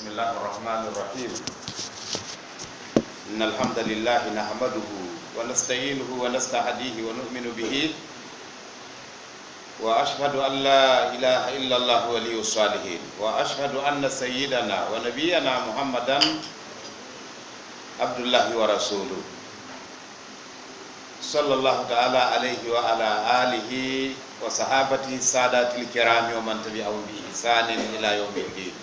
بسم الله الرحمن الرحيم إن الحمد لله نحمده ونستعينه ونستهديه ونؤمن به وأشهد أن لا إله إلا الله ولي الصالحين وأشهد أن سيدنا ونبينا محمدا عبد الله ورسوله صلى الله تعالى عليه وعلى آله وصحابته السادات الكرام ومن تبعهم بإحسان إلى يوم الدين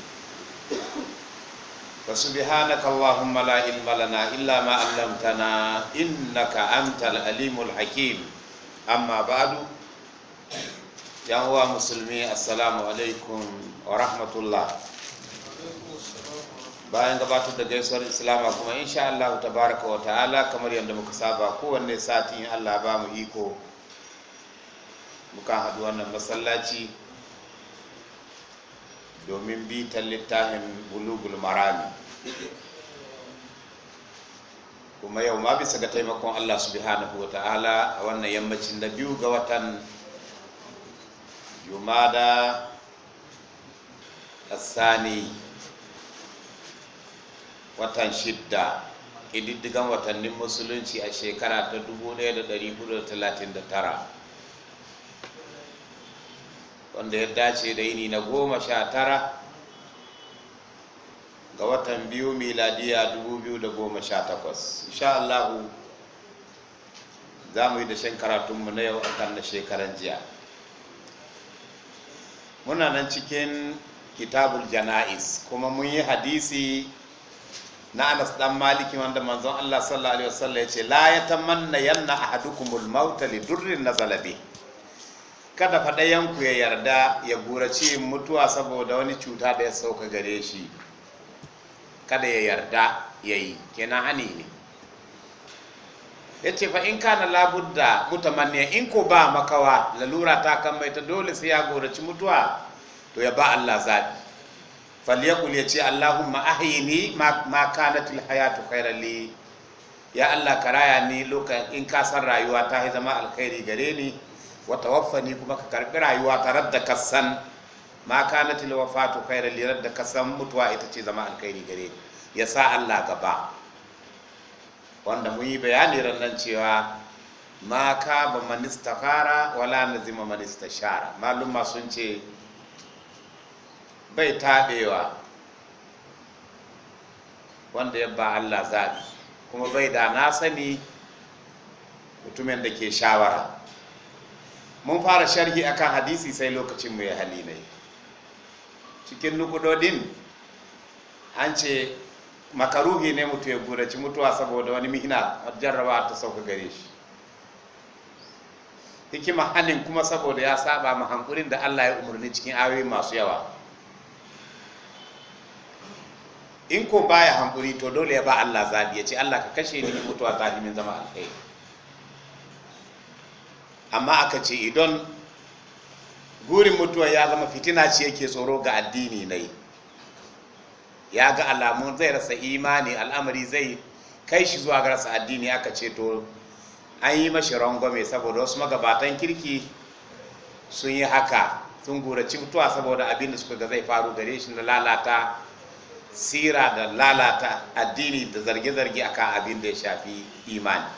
فسبحانك اللهم لا علم لنا إلا ما علمتنا إنك أنت العليم الحكيم أما بعد يا هو مسلمي السلام عليكم ورحمة الله bayan gabatar da gaisuwar islama kuma insha Allah tabaraka wa ta'ala kamar yadda muka saba kowanne sati Allah ba mu iko muka haɗu wannan masallaci domin ta littafin bulugul marami kuma yau ma bisa ga taimakon Allah subhanahu ta'ala a wannan yammacin da biyu ga watan jumada asani watan shidda ƙididdigan watannin musulunci a shekara ta 1439 wanda ya dace da yini na goma sha tara ga watan biyu miladiya takwas insha Allah za mu yi da shan karatunmu na yau akan na shekaran jiya muna nan cikin kitabul jana'is kuma mun yi hadisi na anas dan maliki wanda manzon Allah sallallahu alaihi wasallam ya ce la yatamanna yanna ahadukumul mauta li durrin nazala bihi kada yanku ya yarda ya gurace mutuwa saboda wani cuta da ya sauka gare shi kada ya yarda ya yi kenan hani ne ya ce fa in kana labudda mutamanniya in ko ba makawa lalura ta kan mai ta dole sai ya goraci mutuwa to ya ba Allah zaɓi falyakul ya ce Allahumma ahyini ma kanatil hayatu khairan ya Allah karaya ni lokacin in ka rayuwa ta zama alkhairi gare ni Wata waffani kuma ka karbi rayuwa ta radda kasan ma na al wafatu khairan li radda kasan mutuwa ita ce zama alkhairi gare ya sa Allah gaba wanda mun yi bayani ran cewa ma ka ba man istakara wala nazima man istashara maluma sun ce bai taɓewa wanda ya ba Allah zaɓi kuma bai da na sani mutumin da ke shawara mun fara sharhi akan hadisi sai lokacin mu ya hali ne cikin nukudodin an ce makaruhi ne mutu ya buraci mutuwa saboda wani mihina jarraba ta sauka gare shi hikima hannun kuma saboda ya saba ma hankulin da Allah ya umarni cikin ayoyi masu yawa in ko baya hankuri to dole ya ba Allah zaɓi ya ce Allah ka kashe ni mutuwa ta himin zama alkhairi amma aka ce idan gurin mutuwa ya zama fitina ce yake tsoro ga addini ne ya ga alamun zai rasa imani al'amari zai kai shi zuwa ga rasa addini aka ce to an yi mashi rangwame saboda wasu magabatan kirki sun yi haka sun guraci mutuwa saboda abin da suka ga zai faru gare shi na lalata sira da lalata addini da zarge-zarge akan abin da ya shafi imani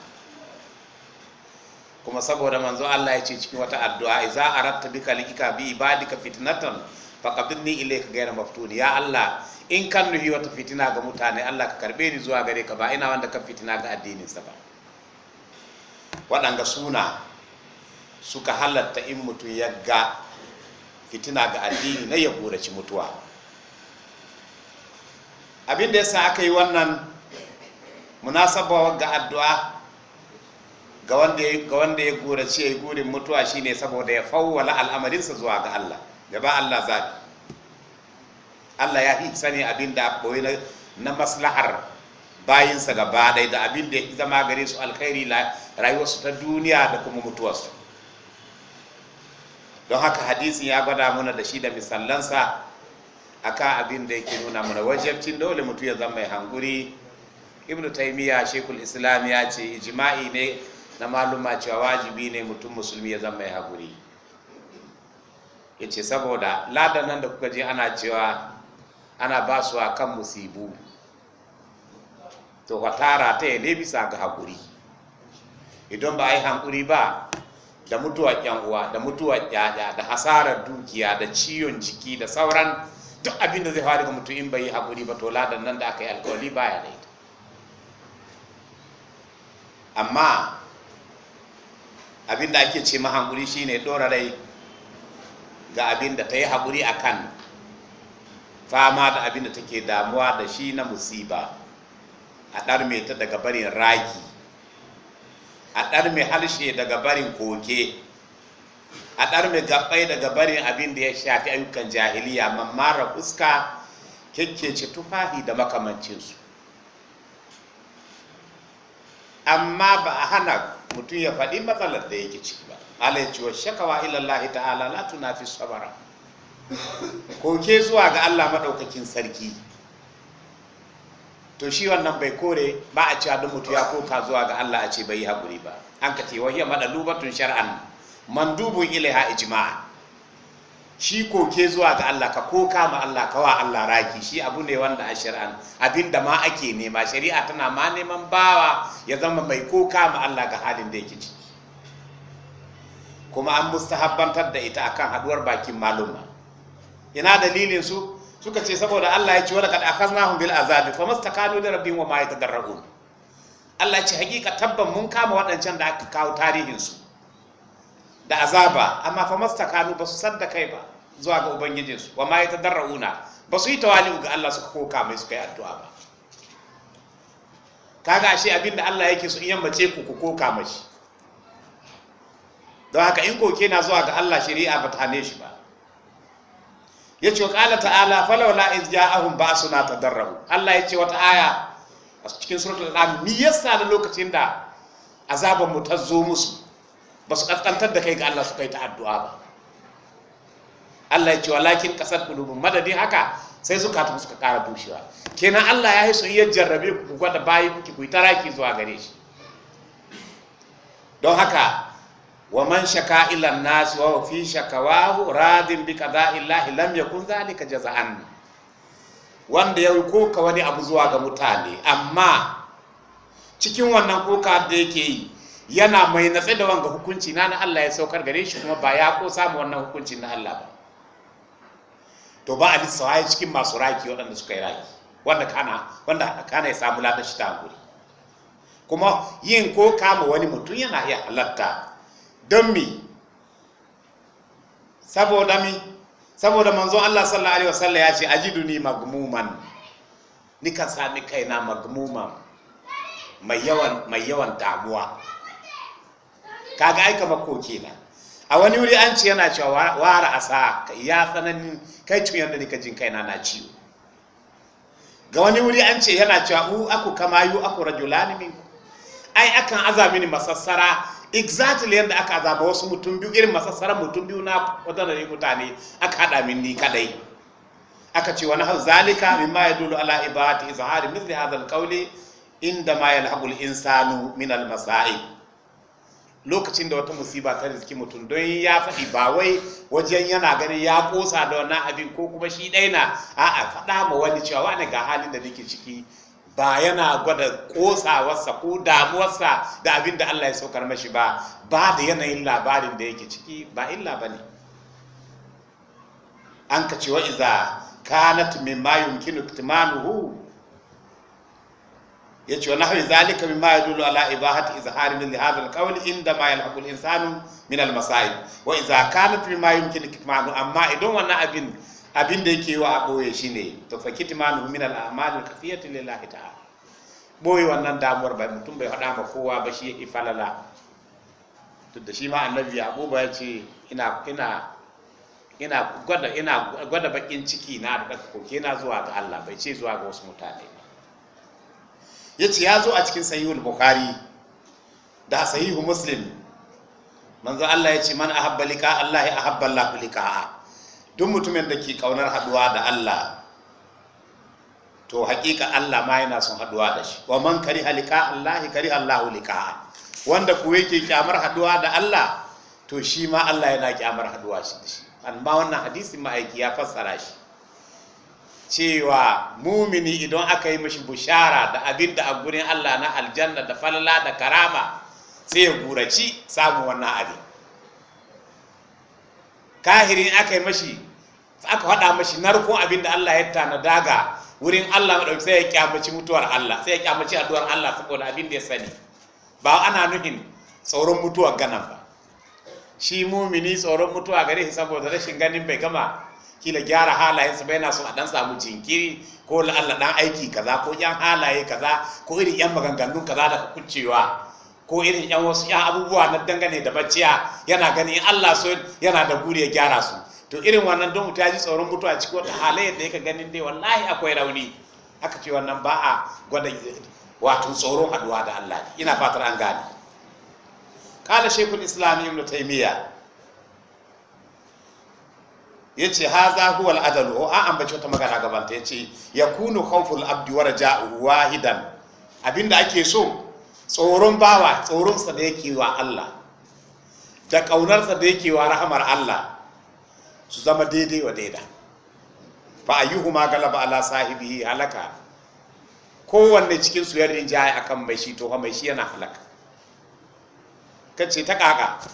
kuma saboda manzo Allah ya ce cikin wata addu'a iza aratta bika likika bi ibadika fitnatan faqabidni ilayka ghayra maftuni ya Allah in kan nuhi wata fitina ga mutane Allah ka karbe ni zuwa gare ka ba ina wanda ka fitina ga addinin sa ba waɗanga suna suka halatta in mutu ya ga fitina ga addini na ya buraci mutuwa abin da yasa aka yi wannan munasaba ga addu'a ga wanda ya ga ya gorace ya gurin mutuwa shine saboda ya fawwala al'amarinsa zuwa ga Allah ya ba Allah zaɓi? Allah ya fi sani abin da na maslahar bayinsa gaba ɗai da abin da ya zama gare su alkhairi rayuwarsu ta duniya da kuma mutuwarsu don haka hadisin ya gwada mana da shi da misallansa akan abin da yake nuna mana wajabcin dole mutu ya zama mai hanguri ibnu taymiya shekul islam ya ce ijma'i ne na maluma cewa wajibi ne mutum musulmi ya zama mai haƙuri ya ce saboda ladan nan da kuka je ana cewa ana ba su a kan musibu to ka ta ya ne bisa ga haƙuri idan ba a yi haƙuri ba da mutuwar uwa da mutuwar ƴaƴa da hasarar dukiya da ciyon jiki da sauran duk abin da zai faru ga mutum in bai yi haƙuri ba to ladan nan da aka yi alkawali baya da ita amma abin da ake ce ma shine dora rai ga abin da ta yi haƙuri a kan fama da abin da take damuwa da shi na musiba a ɗarme ta daga barin raki a ɗarme harshe daga barin koke a ɗarme gaɓai daga barin abin da ya shafi ayyukan jahiliya mamara fuska kyakkyace tufahi da makamancinsu amma ba a hana mutum ya faɗi matsalar da yake ciki ba alaici wa shakawa ilallahi ta'ala la tunafi sabara koke zuwa ga Allah maɗaukakin sarki to shi wannan bai kore ba a cewa duk mutu ya koka zuwa ga Allah a ce bai yi hakuri ba an ka ce wahiyar maɗalubatun shar'an mandubun ilaiha ijma'a shi koke zuwa ga Allah ka koka ma Allah ka wa Allah raki shi abu ne wanda a shari'an abinda ma ake nema shari'a tana ma neman bawa ya zama mai koka ma Allah ga halin da yake ci kuma an mustahabbantar da ita akan haduwar bakin maluma ina dalilin su suka ce saboda Allah ya ce wa laqad akhaznahum bil azabi famastakanu li rabbihim wa ma yatadarrabun Allah ya ce hakika tabban mun kama waɗancan da aka kawo tarihin su da azaba amma fa mastakanu ba su san da kai ba zuwa ga ubangijinsu wa ma ya tadarrauna ba su yi tawali'u ga Allah suka koka mai suka yi addu'a ba kaga ashe abin da Allah yake so in yammace ku ku koka mashi don haka in koke na zuwa ga Allah shari'a ba ta ne shi ba Ya ce ƙala ta'ala falawla iz ja'ahum ba'suna tadarru Allah ya ce wata aya a cikin suratul anam me yasa da lokacin da azaban mu ta zo musu ba su kaskantar da kai ga Allah su kai ta addu'a ba Allah ya ce walakin kasar kulubun madadi haka sai zukatun suka kara bushewa kenan Allah ya yi soyayyar jarrabe ku gwada bayi kuke ku tara ki zuwa gare shi don haka wa man shaka ila nasi wa fi shakawahu radin bi qada'illahi lam yakun zalika jaza'an wanda ya ka wani abu zuwa ga mutane amma cikin wannan koka da yake yi yana mai natsa da wanga hukunci na na Allah ya saukar gare shi kuma ba ya ko samu wannan hukunci na Allah ba to ba a sawai cikin masu raki waɗanda suka yi raki wanda kana wanda kana ya samu ladan shi ta guri? kuma yin ko kama wani mutum yana iya halatta don mi saboda mi saboda manzo Allah sallallahu alaihi wasallam ya ce ajiduni magmuman nikan sami kaina magmuman mai yawan mai yawan damuwa kaga ai kamar koke na a wani wuri an ce yana cewa wara asa ya tsananin kai tun yadda nika jin kaina na ciwo ga wani wuri an ce yana cewa u aku kama yu aku rajulani minku ai akan azami ne masassara exactly yadda aka azaba wasu mutum biyu irin masassara mutum biyu na wadannan mutane aka hada min ni kadai aka ce wani hau zalika mimma ya ala ibati izhari misli hadha alqawli inda ma yalhaqu al-insanu min al-masa'ib lokacin da wata musiba ta riski mutum don ya faɗi ba wai wajen yana ganin ya ƙosa da wannan abin ko kuma shi ɗai na a'a faɗa ma wani cewa wani ga halin da nake ciki ba yana gwada ƙosawarsa ko damuwarsa da abin da Allah ya saukar mashi ba ba da yanayin labarin da yake ciki ba illa ba ne an ka ce wa iza kanat mimma yumkinu iktimanuhu yace wa nahwi zalika mimma yadullu ala ibahati izhari min hadha alqawl inda ma yalhaqu al-insanu min al-masail wa idza kanat mimma yumkinu kitmanu amma idan wannan abin da yake wa a boye shine to fa kitmanu min al-a'mal al-khafiyati lillahi ta'ala boye wannan damuwar ba mutum bai hada ma kowa ba shi yake falala to da shi ma annabi abu ya ce ina ina ina gwada bakin ciki na da koke na zuwa ga Allah bai ce zuwa ga wasu mutane ya ce ya zo a cikin sahihul bukhari da sahihu muslim manzo Allah ya ce man ahabba liqa Allah ya ahabba Allah liqa'a duk mutumin da ke kaunar haduwa da Allah to hakika Allah ma yana son haduwa da shi wa man kariha liqa Allah kariha Allah liqa'a wanda ku yake kyamar haduwa da Allah to shi ma Allah yana kyamar haduwa shi da wannan hadisin ma'aiki ya fassara shi cewa mumini idan aka yi mashi bushara da abin da a gurin Allah na aljanna da falala da karama sai ya guraci samun wannan abin kahirin aka yi mashi aka faɗa mashi narkon abin da Allah ya tana daga wurin Allah maɗauki sai ya kyamaci mutuwar Allah sai ya kyamaci addu'ar Allah saboda abin da ya sani ba ana nuhin tsoron mutuwar ganan ba shi mumini tsoron mutuwa gare shi saboda rashin ganin bai gama kila gyara halayen ba yana son a dan samu jinkiri ko Allah dan aiki kaza ko yan halaye kaza ko irin yan maganganun kaza da kucewa ko irin yan wasu yan abubuwa na dangane da bacciya yana gani Allah so yana da buri ya gyara su to irin wannan don mutaji tsoron ji tsoron mutuwa cikin wata halayyar da yake ganin dai wallahi akwai rauni aka ce wannan ba a gwada wato tsoron haduwa da Allah ina fatar an gane qala shaykhul islam ibn taymiyyah yace haza huwa al’adalu adalu a bace wata magana gaban ta yace yakunu khawful abdi wa raja'u wahidan abinda ake so tsoron bawa tsoron sa da yake wa Allah da ƙaunar sa da yake wa rahamar Allah su zama daidai wa daida yi ma galaba ala sahibi halaka kowanne cikin su yarda jaya kan mai shi to mai shi yana halaka ce ta kaka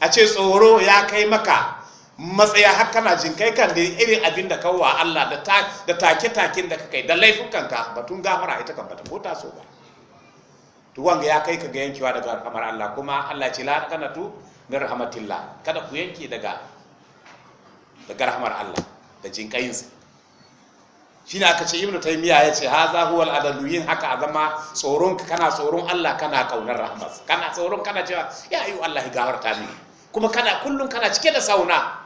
a ce tsoro ya kai maka matsaya har kana jin kai kan da irin abin da kawwa Allah da take-taken da kai da laifukanka batun gafara ita kan bata kota so ba to wanga ya kai ka ga yankewa daga kamar Allah kuma Allah ce la kana tu mir rahmatillah kada ku yanke daga daga rahmar Allah da jinkayinsa shine aka ce ibnu taymiya ya ce haza huwa al yin haka a zama ka kana tsoron Allah kana kaunar rahmas kana tsoron kana cewa ya ayu Allah ya gafarta ni kuma kana kullum kana cike da sauna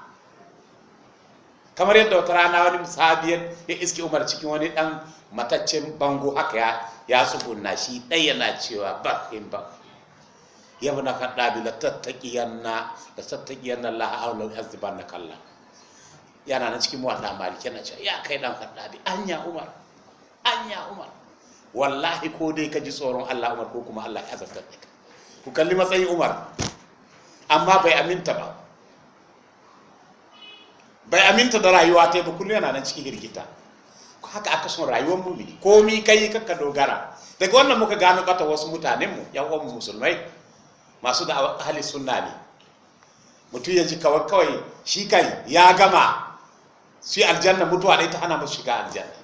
kamar yadda wata rana wani sahabiyar ya iske umar cikin wani dan mataccen bango haka ya ya tsuguna shi ɗaya yana cewa bakin ba ya muna faɗa bi latattakiyanna latattakiyanna la ba na kalla yana na cikin wanda maliki na cewa ya kai dan faɗa bi anya umar anya umar wallahi ko dai ka ji tsoron Allah umar ko kuma Allah ya zartar ku kalli matsayin umar amma bai aminta ba bai aminta da rayuwa ta ba kullum yana nan cikin girgita haka aka son rayuwar mumini komi kai kakka dogara daga wannan muka gano kata wasu mutanen mu yan uwan musulmai masu da ahli sunna ne mutum ya ji kawai kawai shi kai ya gama shi aljanna mutuwa dai ta hana mu shiga aljanna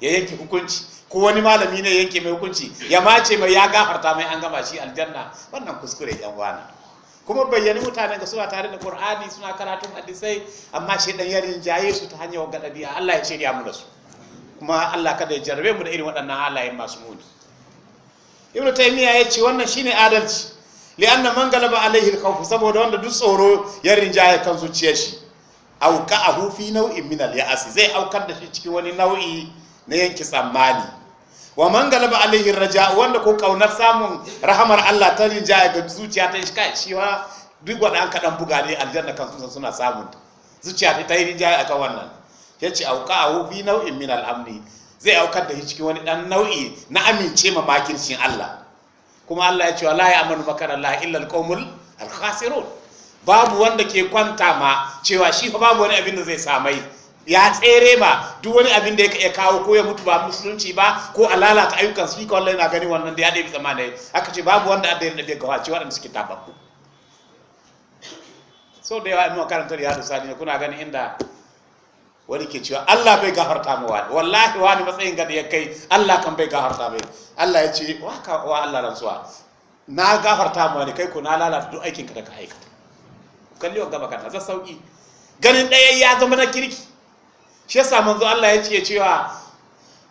ya yanke hukunci ko wani malami ne yanke mai hukunci ya mace mai ya gafarta mai an gama shi aljanna wannan kuskure yan wani kuma bayyani mutanen ga suna tare da Qur'ani suna karatun hadisai amma shi ɗan ya rinjaye su ta hanyar ga Allah ya shirya mu da su kuma Allah kada ya jarrabe mu da irin waɗannan halayen masu muni Ibn Taymiya ya ce wannan shine adalci anna man galaba alaihi al saboda wanda duk tsoro ya rinjaye kan zuciyar shi auka ahu fi nau'in min al-ya'si zai aukar da shi cikin wani nau'i na yanki tsammani wa man galaba alaihi raja wanda ko kaunar samun rahamar Allah ta rinjaya ga zuciya ta shi shi wa duk wanda an kadan buga ne aljanna kan suna samun zuciya ta ta rinja akan wannan yace auka au bi nau'in min amni zai aukar da shi cikin wani dan nau'i na amince ma makircin Allah kuma Allah ya ce wala ya amanu makara Allah illa al-khasirun babu wanda ke kwanta ma cewa shi fa babu wani abin da zai samai ya tsere ba duk wani abin da ya kawo ko ya mutu ba musulunci ba ko a lalata ayyukan su ko Allah na gani wannan da ya ɗebi tsamanai aka ce babu wanda adda yin ɗabi gawa ce waɗanda suke tababbu so da yawa inuwa karanta da yadda sani kuna gani inda wani ke cewa Allah bai gafarta mu wani wallahi wani matsayin gada ya kai Allah kan bai gafarta mai Allah ya ce wa ka wa Allah rantsuwa na gafarta mu wani kai ko na lalata duk aikin ka da ka aikata kalli wa gaba kana za sauki ganin ɗaya ya zama na kirki shi yasa manzo Allah ya ce cewa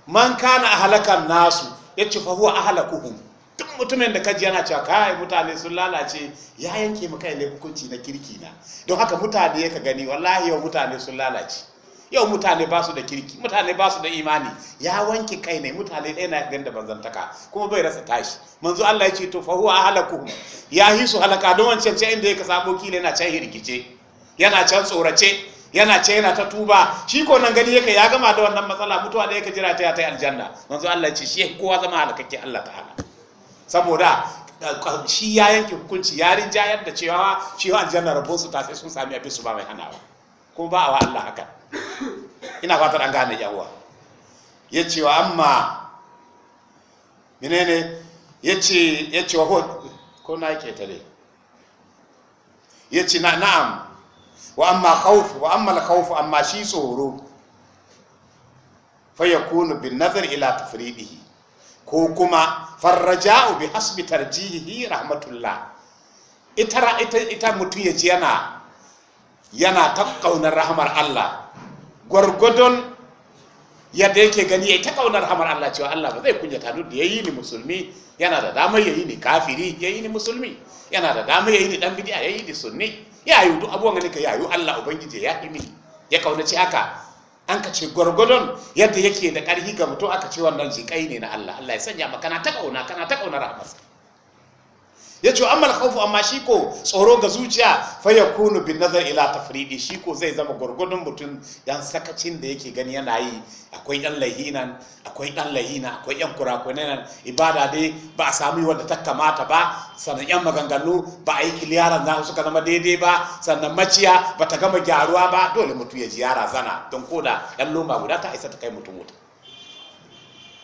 man kana halakan nasu ya ce fa huwa ahlakuhum duk mutumin da kaji yana cewa kai mutane sun lalace ya yanke maka ne hukunci na kirki na don haka mutane ka gani wallahi yau mutane sun lalace yau mutane ba su da kirki mutane ba su da imani ya wanke kai ne mutane ɗaya na yadda da banzantaka kuma bai rasa tashi manzo Allah ya ce to fa huwa ahlakuhum ya hisu halaka don wancan ce inda yake sabo kila yana can hirgice yana can tsorace yana ce yana ta tuba shi ko nan gani yake ya gama da wannan matsala mutuwa da yake jira ta ya ta aljanna manzo Allah ya ce shi kowa zama halakakke Allah ta'ala saboda eh, shi ya yanke hukunci ya rinjayar da cewa shi aljanna rabon su ta sai sun sami abin su ba mai hanawa ko ba wa Allah haka ina fatar an gane yawa ya ce wa amma menene ya ce ya ce wa ko na yake tare ya ce na'am wa amma khawf wa amma al-khawf amma shi tsoro fa yakunu bin nazar ila tafridihi ko kuma farraja'u bi hasbi tarjihihi rahmatullah ita ita ita mutum ya yana yana ta kaunar rahmar Allah gwargwadon yadda yake gani ya ta kaunar hamar Allah cewa Allah ba zai kunyata duk da yayi ni musulmi yana da damar yayi ni kafiri yayi ni musulmi yana da damar yayi ni dan bid'a yayi ni sunni ya yi duk abuwan ganin ka ya yi Allah ubangiji ya yi mini ya kaunaci haka an ka ce gwargwadon yadda yake da ƙarfi ga mutum aka ce wannan jikai ne na Allah Allah ya sanya maka kana ta ƙauna kana ta kauna rahmarsa ya ce amma alkhawfu amma shi ko tsoro ga zuciya fa yakunu bin nazar ila tafridi shi ko zai zama gwargwadon mutum yan sakacin da yake gani yana yi akwai yan lahinan akwai yan lahina akwai yan kurakunan ibada dai ba a sami wanda ta kamata ba sannan yan maganganu ba a yi kiliyaran za suka zama daidai ba sannan maciya ba ta gama gyaruwa ba dole mutum ya ji yara zana don koda yan loma guda ta isa ta kai mutum wuta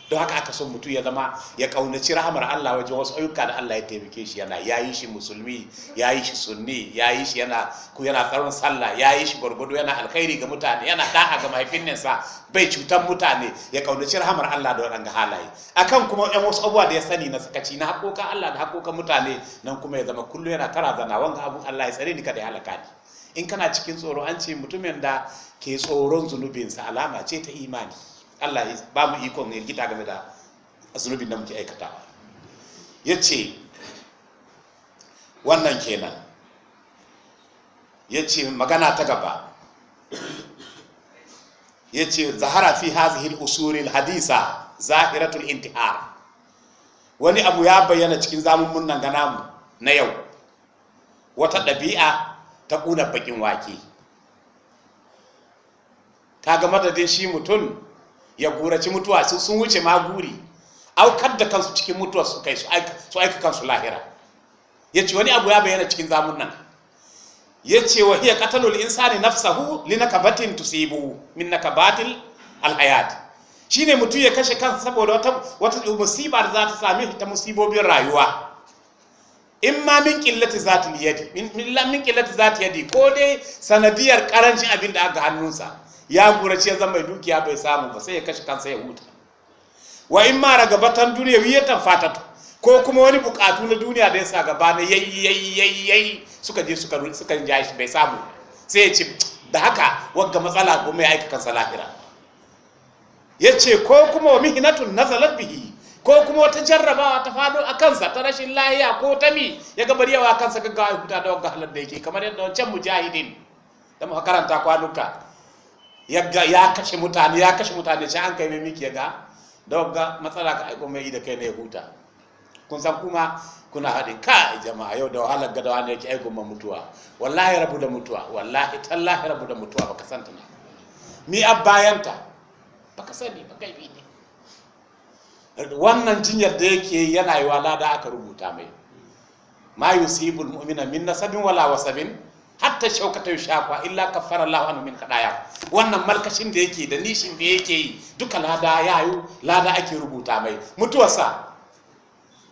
don haka aka son mutum ya zama ya kaunaci rahamar Allah wajen wasu ayyuka da Allah ya taimake shi yana yayi shi musulmi yayi shi sunni yayi shi yana ku yana tsaron sallah yayi shi gwargwado yana alkhairi ga mutane yana da'a ga mahaifinsa bai cutar mutane ya kaunaci rahamar Allah da waɗanda halaye akan kuma ɗan wasu abubuwa da ya sani na sakaci na haƙoƙa Allah da haƙoƙa mutane nan kuma ya zama kullum yana tara zana wanga abu Allah ya tsare ni kada ya halaka ni in kana cikin tsoro an ce mutumin da ke tsoron zunubinsa alama ce ta imani Allah ya ba mu ikon ne gita game da zunubin da muke aikata ya ce wannan kenan ya ce magana ta gaba ya ce zahara fi hazihil usuril hadisa zahiratul intihar wani abu ya bayyana cikin zamun nan gana mu na yau wata ɗabi'a ta ƙuna bakin wake ka ga madadin shi mutum ya guraci mutuwa su sun wuce ma guri aukar da kansu cikin mutuwa su kai su aika kansu lahira ya ce wani abu ya bayyana cikin zamun nan ya ce wa hiya qatalul insani nafsahu linakabatin tusibu min nakabatil alhayat ne mutum ya kashe kansa saboda wata wata musiba da za ta sami ta musibobin rayuwa in ma min qillati zati yadi min yadi ko dai sanadiyar karancin abin da aka hannunsa ya ce zan mai dukiya bai samu ba sai ya kashe kansa ya huta wa in ma ragabatan duniya ta fata ko kuma wani bukatu na duniya da ya sa gaba na yayi yayi yayi yayi suka je suka suka ja shi bai samu sai ya ce da haka wagga matsala ko mai aika kansa lahira ya ce ko kuma wa mihinatun nazalat bihi ko kuma wata jarrabawa ta fado a kansa ta rashin lahiya ko ta mi ya ga yawa kansa gaggawa ya huta da wagga halar da yake kamar yadda wancan mujahidin da muka karanta kwanuka yagga ya kashe mutane ya kashe mutane sai an kai mai miki ga da wagga matsala ka aiko mai da kai ne huta kun san kuma kuna haɗe ka jama'a yau da wahalar gada wani yake aiko ma mutuwa wallahi rabu da mutuwa wallahi tallahi rabu da mutuwa baka san ta mi a bayanta baka sani baka yi ne wannan jinyar da yake yana yi wa da aka rubuta mai ma yusibul mu'mina min nasabin wala wasabin hatta shaukata ya shakwa illa kafara Allah wa min kadaya wannan malkashin da yake da nishin da yake yi duka lada yayu lada ake rubuta mai mutuwarsa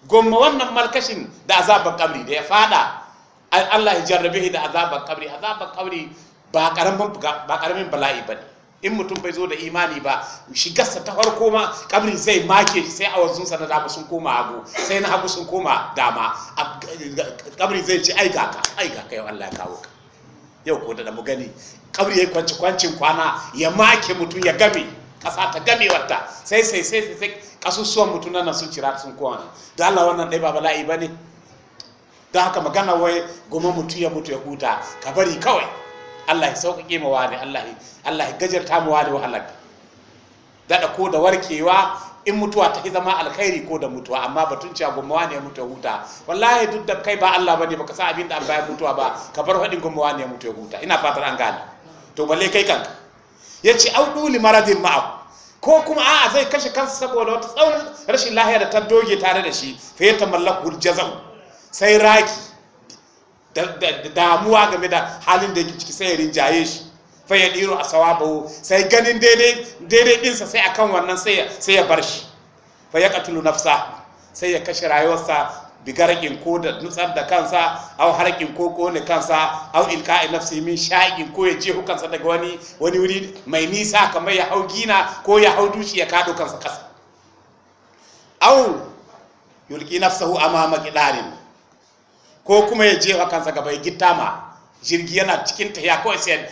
gomma wannan malkashin da azabar kabri da ya fada Allah ya jarrabe da azabar kabri azabar kabri ba karamin ba karamin bala'i ba in mutum bai zo da imani ba shigarsa ta farko ma kabri zai make shi sai sa na dama sun koma hagu sai na hagu sun koma dama kabri zai ci ai gaka ai gaka yau Allah ya kawo ka yau ko da mu gani kabri yayi kwanci kwancin kwana ya make mutum ya game kasa ta game wata sai sai sai sai kasusuwan mutum nan sun cira sun kowane da Allah wannan dai ba bala'i bane da haka magana wai goma mutum ya mutu ya huta ka bari kawai Allah ya sauƙaƙe ma wani Allah ya gajarta ma wani wahalar daɗa ko da warkewa in mutuwa ta zama alkhairi ko da mutuwa amma batun cewa gomawa ne mutu ya huta wallahi duk da kai ba Allah bane baka san abin da Allah ya mutuwa ba ka bar hadin gomawa ne mutu ya huta ina fatar an gane to balle kai kanka yace au duli maradin ma'a ko kuma a'a zai kashe kansa saboda wata tsaurin rashin lahiya da ta doge tare da shi fa ya tamallaku jazau sai raki damuwa game da halin da yake ciki sai ya rinjaye shi fa ya diru asawabahu sai ganin daidai daidai dinsa sai akan wannan sai sai ya bar shi fa ya qatulu nafsa sai ya kashe rayuwarsa bigarakin ko da nutsar da kansa au harakin ko kone kansa au ilka'i nafsi min sha'in ko ya je hukansa daga wani wani wuri mai nisa kamar ya hau gina ko ya hau dushi ya kado kansa kasa au yulki nafsahu amama kidarin ko kuma ya je kansa gaba ya gittama jirgi yana cikin ta ya kawai sai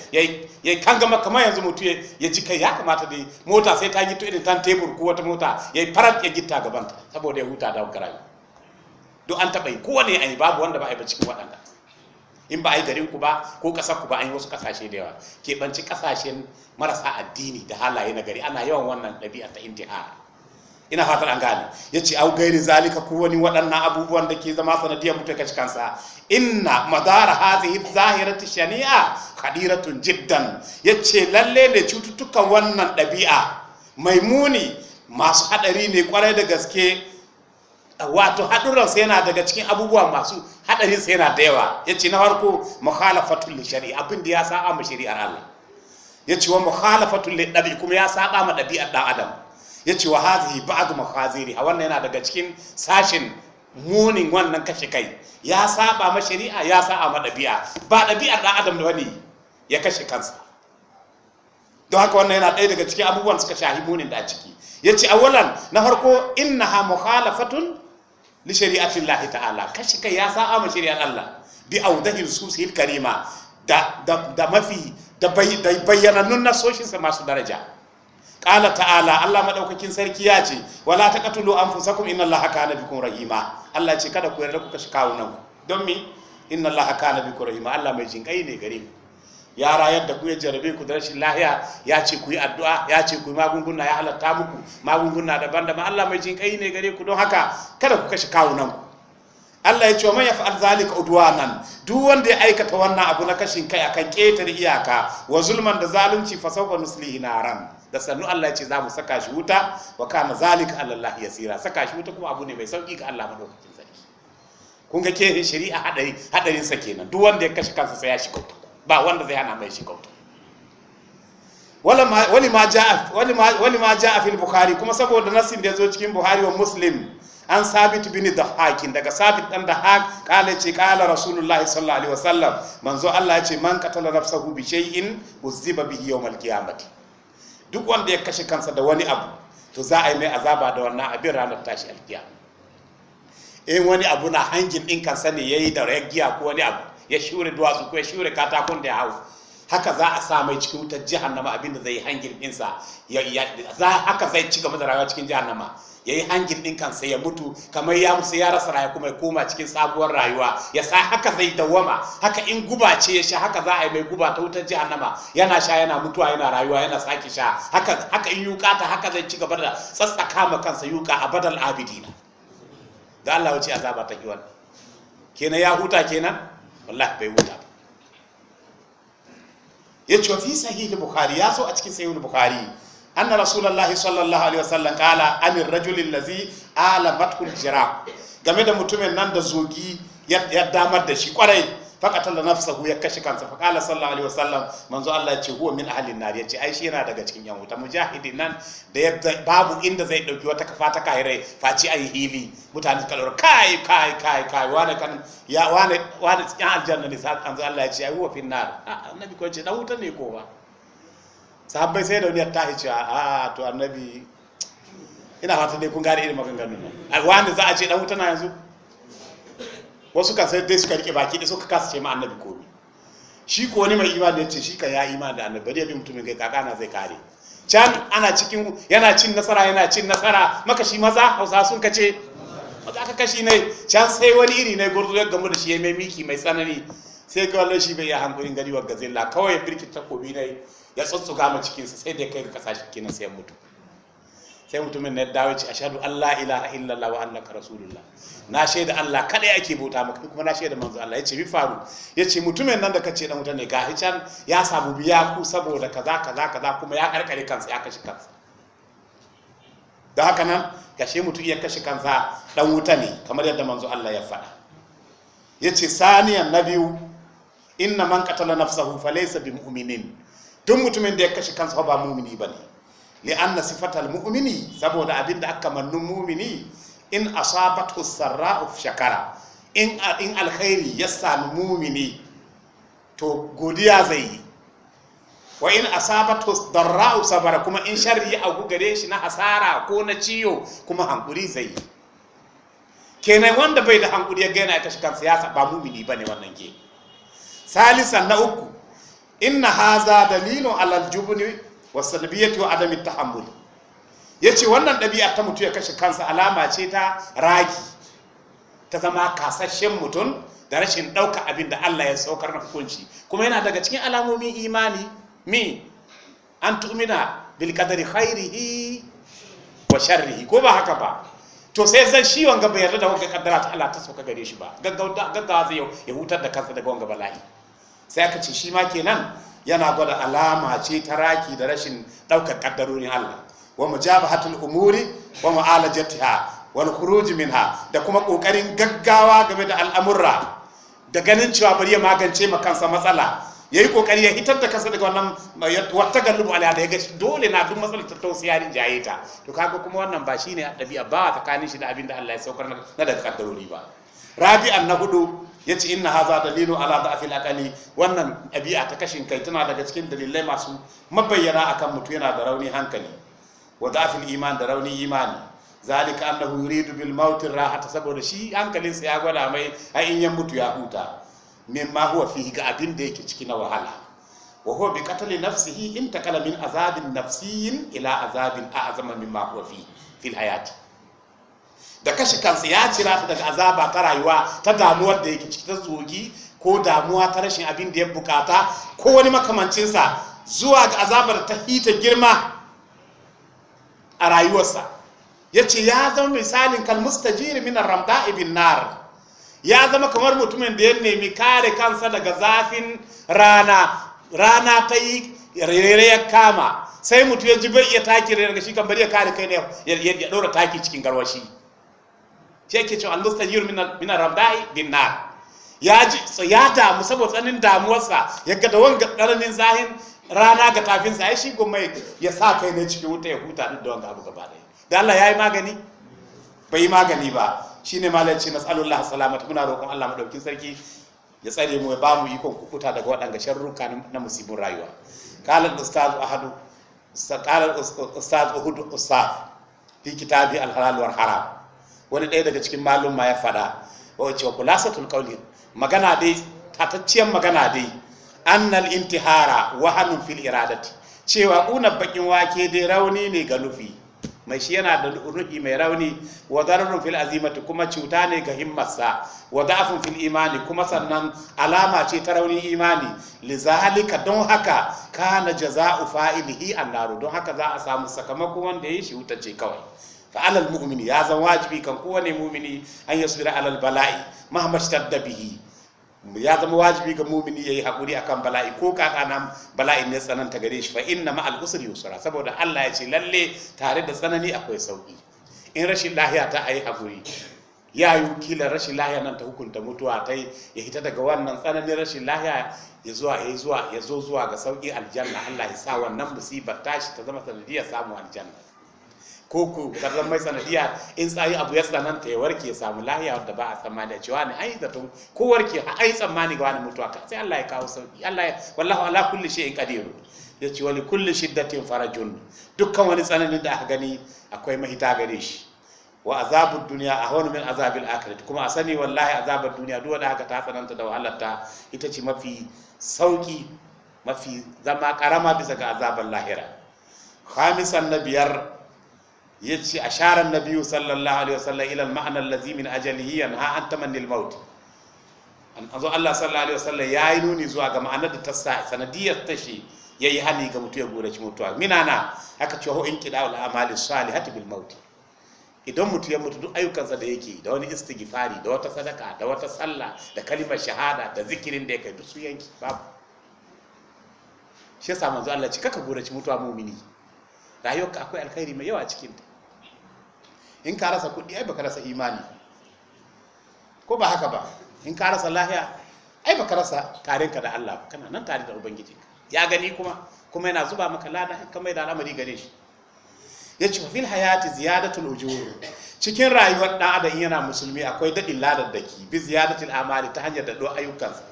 ya gama kamar yanzu mutu ya ji kai ya kamata da mota sai ta gito irin tan tebur ko wata mota ya yi farar ya gita gaban ta saboda ya huta da garayi duk an taɓa yi kowane an yi babu wanda ba a yi ba cikin waɗanda in ba a yi garin ku ba ko ƙasar ku ba an yi wasu ƙasashe da yawa keɓanci ƙasashen marasa addini da halaye na gari ana yawan wannan ɗabi'a ta intihar ina fatan an gane ya ce au gairi zalika ko wani waɗannan abubuwan da ke zama sanadiyar mutu kaci kansa inna madara hazihi zahirati shani'a kadiratun jiddan ya ce lalle ne cututtukan wannan ɗabi'a mai muni masu haɗari ne kwarai da gaske wato haɗurran sai yana daga cikin abubuwa masu haɗari sai yana da yawa ya ce na farko mukhalafatul shari'a abin da ya sa'a ma shari'ar Allah ya ce wa mukhalafatul li kuma ya sa'a ma ɗabi'ar ɗan adam yace wa hadhihi ba'd mahaziri a wannan yana daga cikin sashin munin wannan kashe kai ya saba ma shari'a ya saba ma ɗabi'a ba ɗabi'ar ɗan adam da wani ya kashe kansa don haka wannan yana ɗaya daga cikin abubuwan suka shahi munin da a ciki ya ce awalan na farko inna ha mukhalafatun li shari'atin lahi ta'ala kashe kai ya sa'a ma shari'ar Allah bi audahin susil karima da da mafi da bayyanannun nasoshinsa masu daraja qala ta'ala Allah madaukakin sarki ya ce wala taqatulu anfusakum inna Allaha kana bikum rahima Allah ce kada ku yarda ku kashi kawunan don mi inna Allaha kana bikum rahima Allah mai jinkai ne gare ku ya rayar da ku ya jarabe ku da rashin lahiya ya ce ku yi addu'a ya ce ku yi magunguna ya halatta muku magunguna daban-daban Allah mai jinkai ne gare ku don haka kada ku kashi kawunan ku Allah ya ce wa man yaf'al zalika udwanan duk wanda ya aikata wannan abu na kashin kai akan ketare iyaka wa zulman da zalunci fa sawfa nuslihi naran da sannu Allah ya ce za mu saka shi wuta wa kana zalika Allah yasira saka shi wuta kuma abu ne mai sauki ga Allah madaukakin sarki kun ga ke shari'a hadari hadarin sa kenan duk wanda ya kashe kansa sai ya shiga wuta ba wanda zai hana mai shiga wuta wani ma ja'a wani ma ja'a fil bukhari kuma saboda nasin da yazo cikin buhari wa muslim an sabit bin dahakin daga sabit dan dahak kala ce kala rasulullah sallallahu alaihi wasallam manzo Allah ya ce man qatala nafsahu bi shay'in uziba bihi yawmal qiyamah duk wanda ya kashe kansa da wani abu to za a yi mai azaba da wannan abin ranar tashi alkiya in wani abu na hangin in kansa ne ya yi da ragiya ko wani abu ya shure duwatsu ko ya shure katakon da ya hau haka za a sa mai cikin wutar jihannama abin da zai yi hangin ɗinsa haka zai ci gaba da rayuwa cikin jihannama ya yi hangin ɗin kansa ya mutu kamar ya musu ya rasa rayuwa kuma ya koma cikin sabuwar rayuwa ya sa haka zai dawwama haka in guba ce ya sha haka za a yi mai guba ta wutar jahannama yana sha yana mutuwa yana rayuwa yana sake sha haka haka in yuka ta haka zai ci gaba da tsatsaka ma kansa yuka abadal abidina da Allah wuce azaba ta ki kenan ya huta kenan wallahi bai huta ba ya ce fi sahihi bukhari ya so a cikin sahihi bukhari أن رسول الله صلى الله عليه وسلم قال عن الرجل الذي آلمته الجراح game da mutumin nan da zogi ya damar da shi kwarai faqatala nafsahu ya kashe kansa fa qala sallallahu alaihi wasallam manzo Allah ya ce huwa min ahlin nar ya ce ai shi yana daga cikin yan wuta mujahidin nan da ya babu inda zai dauki wata kafa ta kahirai faci ai hili mutane suka lura kai kai kai kai wani kan ya wani wani yan aljanna ne sai manzo Allah ya ce ai huwa fin nar annabi ko ce wuta ne ko ba sahabbai sai da wani ya tahi cewa a to annabi ina fata dai kun gane irin maganganun nan wanda za a ce dan wuta na yanzu wasu kan sai dai suka rike baki da suka kasa ce ma annabi komi shi ko wani mai imani ya ce shi ka ya imani da annabi bari ya bi mutumin kai kaka na zai kare can ana cikin yana cin nasara yana cin nasara makashi maza hausa sun kace maza aka kashi ne can sai wani iri ne gurdu ya gamu da shi ya mai miki mai tsanani sai ga wallahi shi bai ya hankulin gari wa gazilla kawai ya birkita takobi ne ya tsotsuga ma cikinsa sai da kai ga kasashen kenan sai mutu sai mutumin na dawo ce ashhadu allah la ilaha illallah wa annaka rasulullah na shaida Allah kaɗai ake bauta maka kuma na shaida manzo Allah yace bi faru yace mutumin nan da kace dan wuta ne ga hican ya samu biya ku saboda kaza kaza kaza kuma ya karkare kansa ya kashi kansa da haka nan gashe mutum iya kashe kansa dan wuta ne kamar yadda manzo Allah ya faɗa yace saniyan na biyu inna man qatala nafsahu falaysa bimu'minin duk mutumin da ya kashe kansa ba mumini bane li anna sifatal mu'mini saboda abin da aka mannun mumini in asabatu sarra'u shakara in in alkhairi ya sami mumini to godiya zai yi wa in asabatu darra'u sabara kuma in sharri a gare shi na hasara ko na ciyo kuma hankuri zai yi kenan wanda bai da hankuri ya gaina ya kashe kansa ya ba mumini bane wannan ke salisan na uku inna haza dalilu alal jubni wa salbiyati wa adami tahammul yace wannan ɗabi'a ta mutu ya kashe kansa alama ce ta ragi ta zama kasashen mutum da rashin ɗauka abin da Allah ya saukar na hukunci kuma yana daga cikin alamomin imani mi an tumina bil qadari khairihi wa sharrihi ko ba haka ba to sai zan shi wanga bai yarda da wanga kaddara ta Allah ta sauka gare shi ba gaggawa zai ya hutar da kansa daga wanga bala'i sai aka ce shi ma kenan yana gwada alama ce ta raki da rashin ɗaukar kaddarorin Allah wa mujabahatul umuri wa mu'alajatiha wal khuruj minha da kuma kokarin gaggawa game da al'amurra da ganin cewa bari ya magance ma kansa matsala yayi kokari ya hitar da kansa daga wannan wata gallubu ala da ya ga dole na duk matsalar ta tausiya ni jaye ta to kaga kuma wannan ba shine dabi'a ba tsakanin shi da abin da Allah ya saukar na daga kaddarori ba rabi'an na hudu ya ce inna haza dalilu ala da'afil aqali wannan ɗabi'a ta kashin kai tana daga cikin dalilai masu mabayyana akan mutu yana da rauni hankali wa da'afil iman da rauni imani zalika annahu yuridu bil maut rahata saboda shi hankalin sa ya gwada mai ai in ya mutu ya huta mimma huwa fihi ga abin da yake ciki na wahala wa huwa bi qatli nafsihi intakala min azabin nafsiyyin ila azabin a'zama mimma huwa fihi fil hayati da kashe kansa ya cira ta daga azaba ta rayuwa ta damuwar da yake ciki ta zogi ko damuwa ta rashin abin da ya bukata ko wani makamancinsa zuwa ga azabar ta hita girma a rayuwarsa ya ce ya zama misalin jiri minar ramda ibin nar ya zama kamar mutumin da ya nemi kare kansa daga zafin rana rana ta yi rere ya kama sai mutum ya ji bai iya taki rere shi kan bari ya kare kai ne ya ɗora taki cikin garwashi shi yake cewa al-mustajir min ar-rabda'i bin ya ji ya damu saboda tsanin damuwarsa ya ga da wanga karanin zahin rana ga tafinsa ai shi goma ya sa kai ne cikin wuta ya huta duk da wanga abu gaba da Allah ya magani bai yi magani ba shine malaci nas'alullah salamat muna roƙon Allah madaukin sarki ya tsare mu ya ba mu ikon kukuta daga waɗanga sharruka na musibin rayuwa kalar ustaz ahadu kalar ustaz uhud ustaz fi kitabi al halal haram wani ɗaya daga cikin malum ma ya faɗa wa cewa kulasatul qawli magana dai tatacciyar magana dai annal intihara wahanun fil iradati cewa kuna bakin wake dai rauni ne ga nufi mai shi yana da nufi mai rauni wa dararun fil azimati kuma cuta ne ga himmarsa wa da'afun fil imani kuma sannan alama ce ta raunin imani lizalika don haka kana jaza'u fa'ilihi annaru don haka za a samu sakamako wanda ya yi shi wuta kawai fa alal mu'mini ya zan wajibi kan kowane mu'mini an yasbira alal bala'i mahmad tadda bihi ya zama wajibi ga mumini yi hakuri akan bala'i ko kaka na bala'in ne tsananta gare shi fa inna ma al'usur usri yusra saboda Allah ya ce lalle tare da tsanani akwai sauki in rashin lahiya ta ayi hakuri ya yi kila rashin lahiya nan ta hukunta mutuwa ta ya hita daga wannan tsananin rashin lahiya ya zuwa ya zuwa ya zo zuwa ga sauki aljanna Allah ya sa wannan musibar tashi ta zama sanadiyar samun aljanna ko ku zan mai sanadiya in tsayi abu ya tsananta ya warke samu lahiya wadda ba a tsammani da cewa ne ai zato ko warke a ai tsammani ga wani mutuwa ka sai Allah ya kawo sauki Allah ala kulli in qadir ya ce wani kulli shiddatin farajun dukkan wani tsananin da aka gani akwai mahita gare shi wa azabud dunya ahwanu min azabil akhirah kuma a sani wallahi azabar duniya duk wanda aka ta sananta da wahalarta ita ce mafi sauki mafi zama karama bisa ga azabul lahira khamisan na yace na biyu sallallahu alaihi wasallam ilal ma'ana mana allazi min ajalihi yanha an tamanni al-maut zo Allah sallallahu alaihi wasallam yi nuni zuwa ga ma'anar da ta sa sanadiyar ta shi yayi hani ga mutu ya gurace mutuwa minana haka ce ho in qida'ul amali salihati bil maut idan mutu ya mutu duk ayyukansa da yake da wani istighfari da wata sadaka da wata sallah da kalimar shahada da zikirin da yake duk su yanki babu shi yasa manzo Allah ci kaka gurace mutuwa mu'mini rayuwarka akwai alkhairi mai yawa cikin ta in ka rasa kuɗi ai baka rasa imani ko ba haka ba in ka rasa lahiya ai baka rasa tarinka da Allah ba kana nan tare da ubangiji ya gani kuma kuma yana zuba maka lada haka mai da al'amari gare shi ya ce fil hayati ziyadatul ujur cikin rayuwar dan adam yana musulmi akwai dadin ladar daki bi ziyadatul amali ta hanyar da do ayyukansa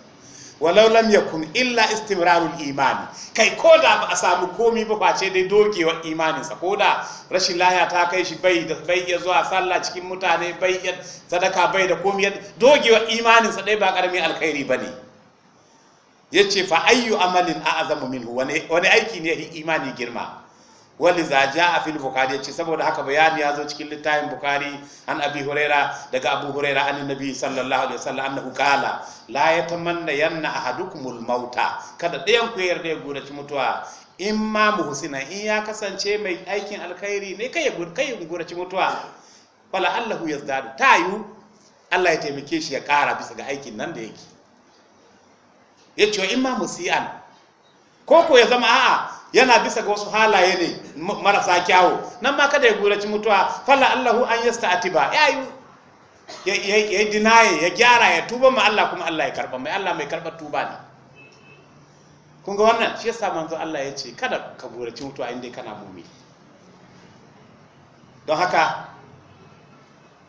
walau lam yakun illa istimrarul imani kai ko da ba a samu komi ba face dai dogewar imaninsa ko da rashin lahiya ta kai shi bai da bai iya zuwa sallah cikin mutane bai iya sadaka bai da komi dogewar imaninsa dai ba karamin alkhairi bane yace fa ayyu amalin a'zamu minhu wani wani aiki ne ya imani girma wali za a fil bukari ce saboda haka bayani ya zo cikin littafin bukari an abi huraira daga abu huraira an nabi sallallahu alaihi wasallam annahu qala la yatamanna yanna ahadukumul mauta kada ɗayan ku yarda ya ci mutuwa in ma muhsina in ya kasance mai aikin alkhairi ne kai ya ci mutuwa wala allahu yazdadu tayu Allah ya taimake shi ya kara bisa ga aikin nan da yake yace ce in ma musi'an koko ya zama a'a yana bisa ga wasu halaye ne marasa kyawu nan ma kada ya guraci mutuwa fala allahu an yasta'tiba ya yi ya yi dinaye ya gyara ya tuba ma Allah kuma Allah ya karba mai Allah mai karba tuba ne kun ga wannan shi yasa manzo Allah ya ce kada ka guraci mutuwa inda kana mumi don haka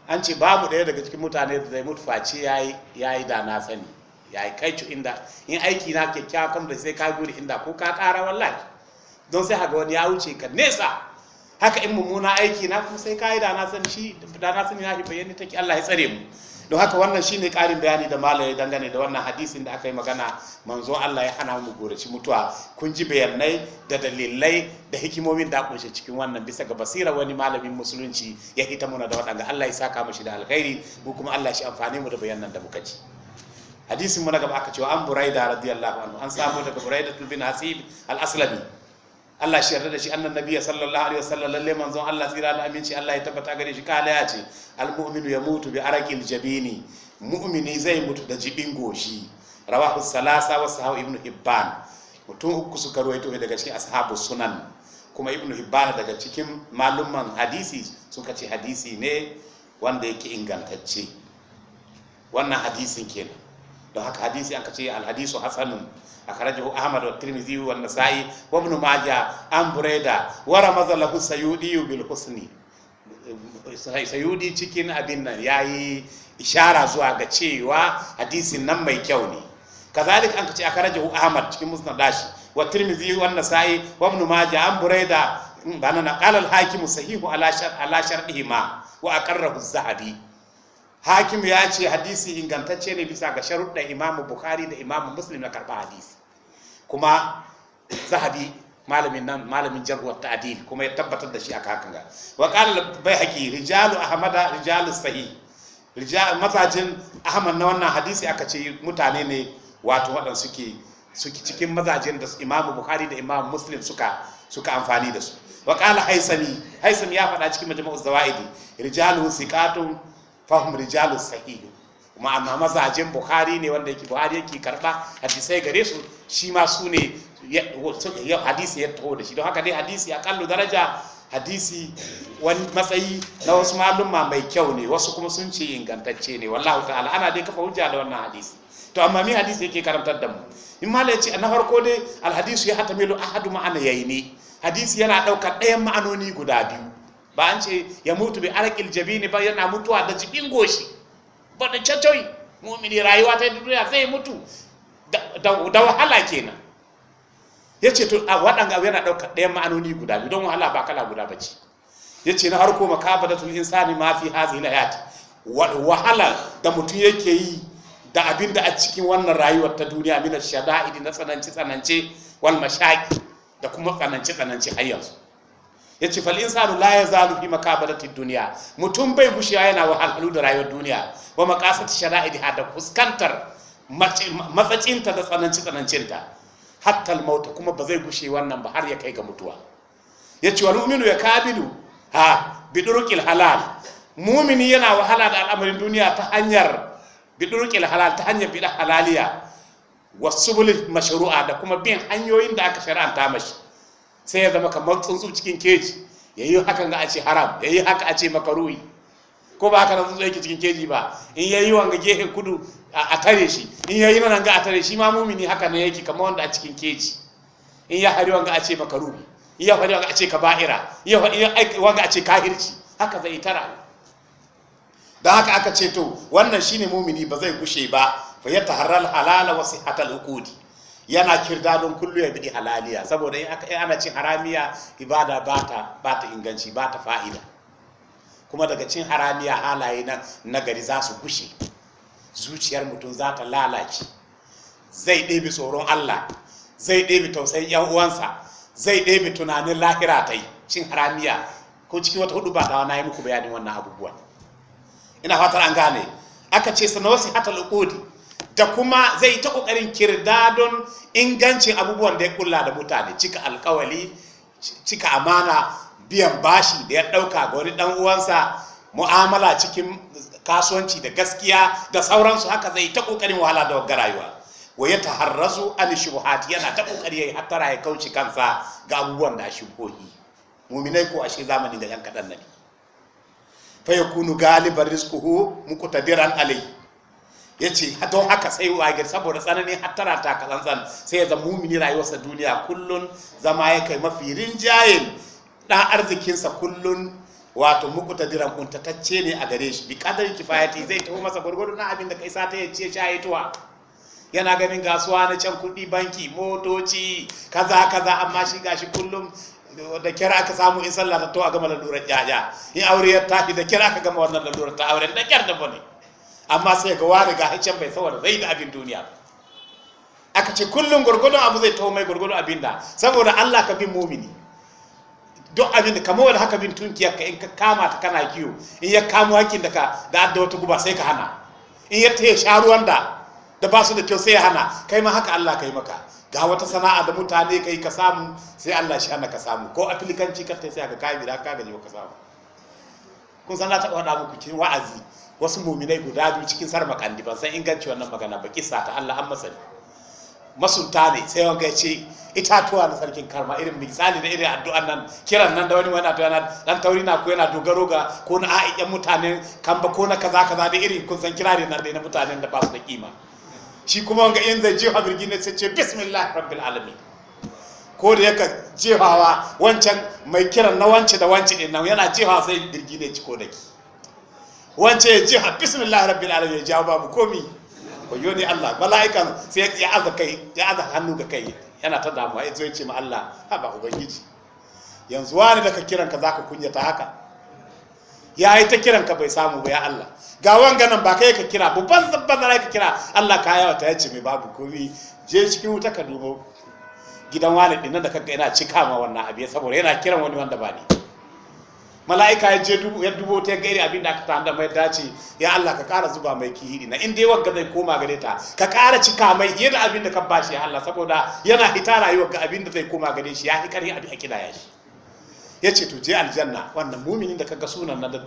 an ce babu ɗaya daga cikin mutane da zai mutu face yayi yayi da na sani ya kai cu inda in aiki na kyakkyawa kan da sai ka guri inda ko ka kara wallahi don sai haka wani ya wuce ka nesa haka in mummuna aiki na kuma sai ka yi da na san shi da na sani na take Allah ya tsare mu don haka wannan shine karin bayani da malam dangane da wannan hadisin da aka yi magana manzon Allah ya hana mu goraci mutuwa kun ji bayanai da dalilai da hikimomin da kunshe cikin wannan bisa ga basira wani malamin musulunci ya hita muna da waɗanda Allah ya saka mu shi da alkhairi mu kuma Allah shi amfane mu da bayanan da muka ji hadisin mun na gaba aka cewa an buraida radiyallahu anhu an samu daga buraida bin hasib al-aslami Allah shi yarda da shi annan nabiya sallallahu alaihi wasallam lalle manzon Allah tsira da aminci Allah ya tabbata gare shi kala ya ce al-mu'minu yamutu bi araqil jabini mu'mini zai mutu da jibin goshi rawahu salasa wa sahabu ibnu hibban mutum uku suka ruwaito daga cikin ashabu sunan kuma ibnu hibban daga cikin malumman hadisi suka ce hadisi ne wanda yake ingantacce wannan hadisin kenan don haka hadisi an kace al hadisu hasanun akhrajahu ahmad wa tirmidhi wa nasa'i wa ibn majah an bureda wa ramaza lahu sayudi bil husni sayudi cikin abin nan yayi ishara zuwa ga cewa hadisin nan mai kyau ne kazalik an kace akhrajahu ahmad cikin musnad dashi wa tirmidhi wa nasa'i wa ibn majah an bureda mm, bana na qala al hakim sahihu ala shar ala shartihima wa aqarrahu az-zahabi hakim ya ce hadisi ingantacce ne bisa ga sharuɗin imamu bukhari da imamu muslim na karɓa hadisi kuma zahabi malamin nan malamin jarwar ta'adil kuma ya tabbatar da shi a kakan ga wa qala bayhaqi rijalu ahmada rijalu sahih rijal mazajin ahmad na wannan hadisi aka ce mutane ne wato waɗanda suke suke cikin mazajin da imamu bukhari da imamu muslim suka suka amfani da su wa qala haisami haisami ya faɗa cikin majmu'uz zawaidi rijalu thiqatun fahim rijalu sahihu kuma amma mazajin bukhari ne wanda yake buhari yake karba hadisai gare su shi ma su ne hadisi ya taho da shi don haka dai hadisi kallo daraja hadisi wani matsayi na wasu malumma mai kyau ne wasu kuma sun ce ingantacce ne wallahu ta'ala ana dai kafa hujja da wannan hadisi to amma me hadisi yake karantar da mu in ma yace na farko dai alhadisu ya hatamilu ahadu ma'ana yayi ne hadisi yana ɗaukar ɗayan ma'anoni guda biyu ba an ce ya mutu bi arakil jabini ba yana mutuwa da jikin goshi ba da cacoi mu'mini rayuwa ta duniya zai mutu da wahala kenan ya ce to a waɗanga yana ɗaukar ɗayan ma'anoni guda biyu don wahala ba kala guda ba ce ya ce na harko makabadatul insani ma fi na hayati wahala da mutum yake yi da abin da a cikin wannan rayuwar ta duniya mina shada'idi na tsananci tsanance wal mashaki da kuma tsananci tsanance har yanzu yace fal insanu la yazalu fi makabalati duniya mutum bai gushiya yana wahalhalu da rayuwar duniya wa maqasat shara'i da fuskantar matsacinta da tsananci tsanancinta hatta mauta kuma ba zai gushe wannan ba har ya kai ga mutuwa wani wal mu'minu kabilu ha bidurqil halal mumini yana wahala da al'amarin duniya ta hanyar bidurqil halal ta hanyar bid'a halaliya wasubul mashru'a da kuma bin hanyoyin da aka shar'anta mashi sai ya zama kamar tsuntsu cikin keji ya yi hakan ga a ce haram ya yi haka a ce makaruhi ko ba haka nan tsuntsu yake cikin keji ba in ya yi wanga gehen kudu a tare shi in ya yi nan ga a tare shi ma mumini haka ne yake kamar wanda a cikin keji in ya hari wanga a ce makaruhi in ya hari wanga a ce ka ba'ira, in ya hari wanga a ce kahirci haka zai tara don haka aka ce to wannan shine mumini ba zai gushe ba fa ya taharral halala wasu hatal hukudi yana don kullu ya bidi halaliya saboda in ana cin haramiya ibada ba ta inganci ba ta fa'ida kuma daga cin haramiya halaye na nagari za su gushe zuciyar mutum za ta lalace zai ɗebi tsoron allah zai ɗebi tausayin yan uwansa zai ɗebi tunanin lahira ta yi cin haramiya ko cikin wata hudu ba ta na yi muku bayanin wannan abubuwan ina fatar an gane aka ce sanosi hatal uqudi da kuma zai ta kirda don ingancin abubuwan da ya kulla da mutane cika alkawali cika amana biyan bashi da ya ɗauka ga wani ɗan uwansa mu'amala cikin kasuwanci da gaskiya da sauransu haka zai ta kokarin wahala da wagga rayuwa wa ya taharrazu an shubhat yana ta kokari ya hattara ya kauce kansa ga abubuwan da shubhohi muminai ko ashe zamani da yan kadan na fa yakunu galiban rizquhu mukutadiran alayhi ya ce don haka sai gari saboda tsananin hattara ta kalanzan sai ya zama mumini rayuwarsa duniya kullun zama ya kai mafi rinjayen ɗan arzikinsa kullun wato mukuta diran kuntatacce ne a gare shi bi kadar kifayati zai tafi masa gwargwado na abin da kai sata ya ce tuwa yana ganin gasuwa na can kuɗi banki motoci kaza kaza amma shi gashi kullum da kira aka samu in sallah ta to a gama lalurar jaja in aure ya tafi da kira aka gama wannan lalurar ta aure da kyar da bane amma sai ga wani ga hancin bai saboda zai da abin duniya aka ce kullum gurgudun abu zai taho mai gurgudun abin da saboda Allah ka bin mumini duk abin da kamo wanda haka bin tunkiya ka in ka kama ta kana kiyo in ya kamo hakin da ka da adda wata guba sai ka hana in ya taya sharuwan da da ba su da kyau sai ya hana kai ma haka Allah ka yi maka ga wata sana'a da mutane kai ka samu sai Allah shi hana ka samu ko afilikanci ka ta sai ka kai bida ka ba ka samu kun san na taɓa faɗa muku cikin wa'azi wasu muminai guda biyu cikin sarmakandi ban san inganci wannan magana ba kisa ta Allah an masani masunta ne sai wanga ya ce itatuwa na sarkin karma irin misali da irin addu'an nan kiran nan da wani wani addu'an nan dan tauri na ko yana dogaro ga ko na a'iyan mutanen ba ko na kaza kaza da irin kun san kirare nan da na mutanen da ba su da kima shi kuma wanga in zai jefa birgi ne sai ce bismillah rabbil alamin ko da yaka jefawa wancan mai kiran na wance da wance din nan yana jefawa sai birgi ne ci ko da ki wance ya ji bismillah rabbil alamin ya jawo babu komi wayo ne Allah mala'ikan sai ya aza kai ya aza hannu ga kai yana ta damuwa ya zo ya ce ma Allah ha ba ubangiji yanzu wani da ka kiran ka zaka ta haka ya yi ta kiran ka bai samu ba ya Allah ga wanga nan ba kai ka kira babban zabban zai ka kira Allah ka yawa ta yace mai babu komi je cikin wuta ka dubo gidan wani dinnan da kaga yana cika ma wannan abu saboda yana kiran wani wanda ba ni mala'ika ya je ya dubo ta gari abin da aka tanda mai dace ya Allah ka kara zuba mai kihiri na inda wagga zai koma gare ta ka kara cika mai yadda abin da ka bashi ya Allah saboda yana hita rayuwar ga abin da zai koma gare shi ya hikari abin a kidaya shi ya ce to je aljanna wannan muminin da kaga sunan nan da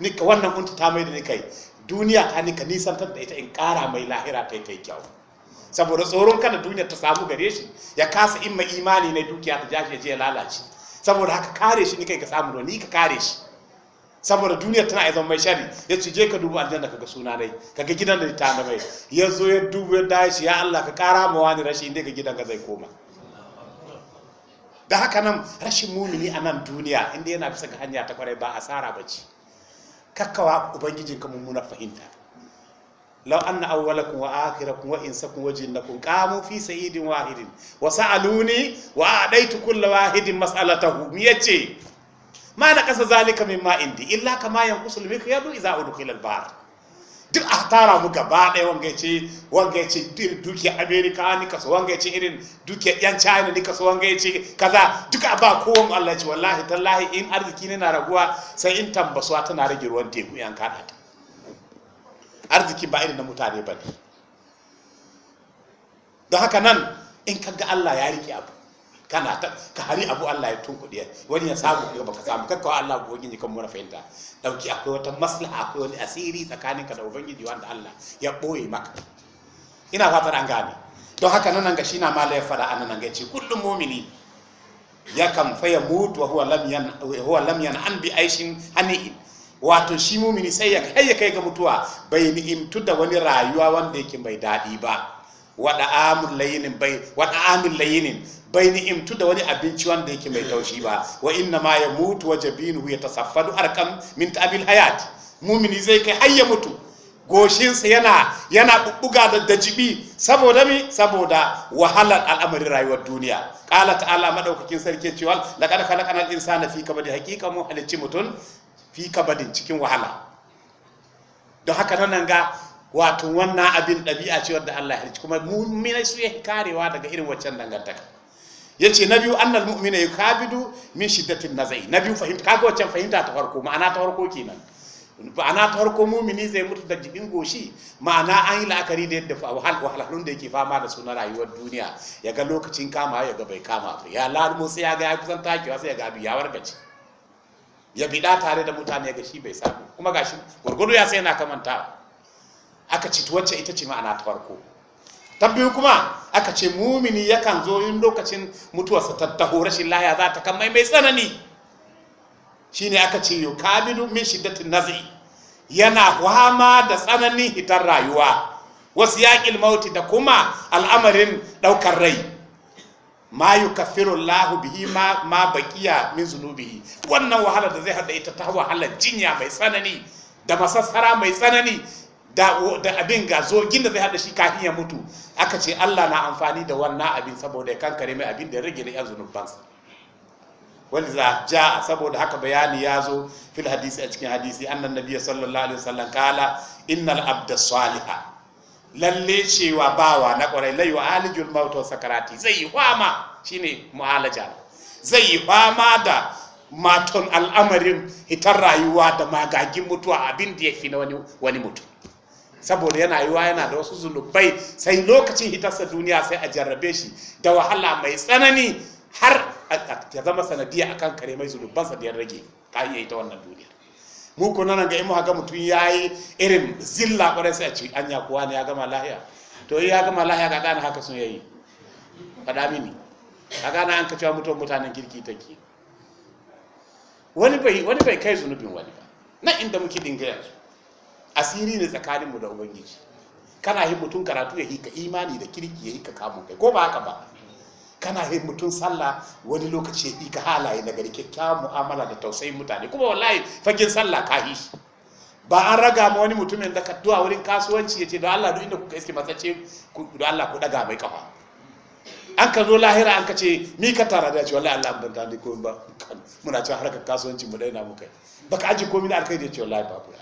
ni ka wannan kunta ta mai da ni kai duniya ta ni nisan ta da ita in kara mai lahira ta kai kyau saboda tsoron kada duniya ta samu gare shi ya kasa in mai imani na dukiya ta jashi ya je lalace saboda haka kare shi ni kai ka samu ruwa ni ka kare shi saboda duniyar tana aizon mai shari ya ce je ka dubu aljanna ka ga suna ka ga gidan da ta da mai ya zo ya dubu ya da shi ya Allah ka kara ma wani rashi inda ka gidan ka zai koma da haka nan rashin mumini a nan duniya inda yana bisa ga hanya ta kwarai ba asara ba ce kakkawa ubangijinka mummuna fahimta law anna awwalakum wa akhirakum wa insakum wa jinnakum qamu fi sayyidin wahidin wa sa'aluni wa adaitu kulli wahidin mas'alatahu mi yace ma na kasa zalika mimma indi illa kama yanqusul mikyadu idza udkhila al-bahr duk a tara mu gaba ɗaya wanga ya ce wanga amerika ni kaso wanga irin dukiyar yan china ni kaso wanga ya ce kaza duk a ba kowa mu allah ce wallahi tallahi in arziki ne na raguwa sai in tambasuwa tana rage ruwan teku yan kaɗa arzikin ba irin na mutane ba ne don haka nan in ka ga Allah ya rike abu kana ka hari abu Allah ya tunkuɗe wani ya samu ka baka samu kakkawa Allah ubangiji kan mura fahimta dauki akwai wata maslaha akwai wani asiri tsakanin ka da ubangiji wanda Allah ya ɓoye maka ina fatar an gane don haka nan ga shi na mala ya da anan ga ce kullum mumini ya kan faya mutu wa huwa lam yan an bi aishin hani'in wato shi mumini sai ya kai ya kai ga mutuwa bai ni imtu da wani rayuwa wanda yake mai daɗi ba wada amul layinin bai wada amul layinin bai imtu da wani abinci wanda yake mai taushi ba wa inna ma yamutu wa ya tasaffadu arkam min ta'bil hayat mumini zai kai har ya mutu goshinsa yana yana bubbuga da dajibi saboda mi saboda wahalar al'amari rayuwar duniya qala ta'ala madaukakin sarki cewa laqad khalaqnal insana fi kabadi haqiqa mu halicci mutun fi kabadin cikin wahala don haka nan ga wato wannan abin ɗabi'a ce wadda Allah ya kuma mu'minai su yake karewa daga irin waccan dangantaka yace na biyu annal mu'mina yukabidu min shiddatin nazai na biyu fahimta kaga waccan fahimta ta farko ma'ana ta farko kenan ma'ana ta farko mumini zai mutu da jibin goshi ma'ana an yi la'akari da yadda wahalhalun da yake fama da su na rayuwar duniya ya ga lokacin kama ya ga bai kama ba ya lalumo sai ya ga ya kusan takewa sai ya ga abu ya wargace ya bida tare da mutane ga shi bai samu kuma gashi gurgudu ya sai yana kamanta aka ci wacce ita ce ma'ana ta farko ta kuma aka ce mumini yakan zo yin lokacin mutuwarsa ta taho rashin laya za ta kamai mai tsanani shine aka ce yau kabidu min shiddatin nazi yana kwama da tsananin hitar rayuwa wasu yaƙil mauti da kuma al'amarin ɗaukar rai ma yukaffiru Allahu bihi ma ma min zunubihi wannan wahala da zai hada ita ta wahala jinya mai tsanani da masassara mai tsanani da abin ga zogin da zai hada shi kafin ya mutu aka ce Allah na amfani da wannan abin saboda ya kankare mai abin da ya rage na yan zunubansa Wani za ja saboda haka bayani ya zo fil hadisi a cikin hadisi annan nabiya sallallahu alaihi wasallam kala innal abda salihah lalle cewa bawa na kwarai la yu'alijul mautu sakarati zai yi fama shine mu'alaja zai yi fama da maton al'amarin hitar rayuwa da magagin mutuwa abin da ya fi na wani mutu. saboda yana yiwa yana da wasu zunubai sai lokacin hitarsa duniya sai a jarrabe shi da wahala mai tsanani har ya zama sanadiyya akan kare mai zunubansa da ya rage ka iya ita wannan duniyar mu ko nan ga imu haka mutum yayi irin zilla kwarai sai a ci anya kuwa ne ya gama lahiya to ya gama lahiya ga gane haka sun yayi faɗa mini ka gane an kacewa mutum mutanen kirki take wani bai wani bai kai zunubin wani ba na inda muke dinga yanzu asiri ne tsakaninmu da ubangiji kana yin mutum karatu ya hika imani da kirki ya hika kamun kai ko ba haka ba kana yin mutum sallah wani lokaci ya ka halaye na gari kyakkyawan mu'amala da tausayin mutane kuma wallahi fagen sallah ka yi ba an raga ma wani mutum da ka duwa wurin kasuwanci ya ce don Allah duk inda kuka iske matsace don Allah ku daga mai kafa an ka zo lahira an ka ce ni ka tara da ce wallahi Allah ban tani komai ba muna cewa harkar kasuwanci mu daina mu kai baka aji komai da alkai da ce wallahi babu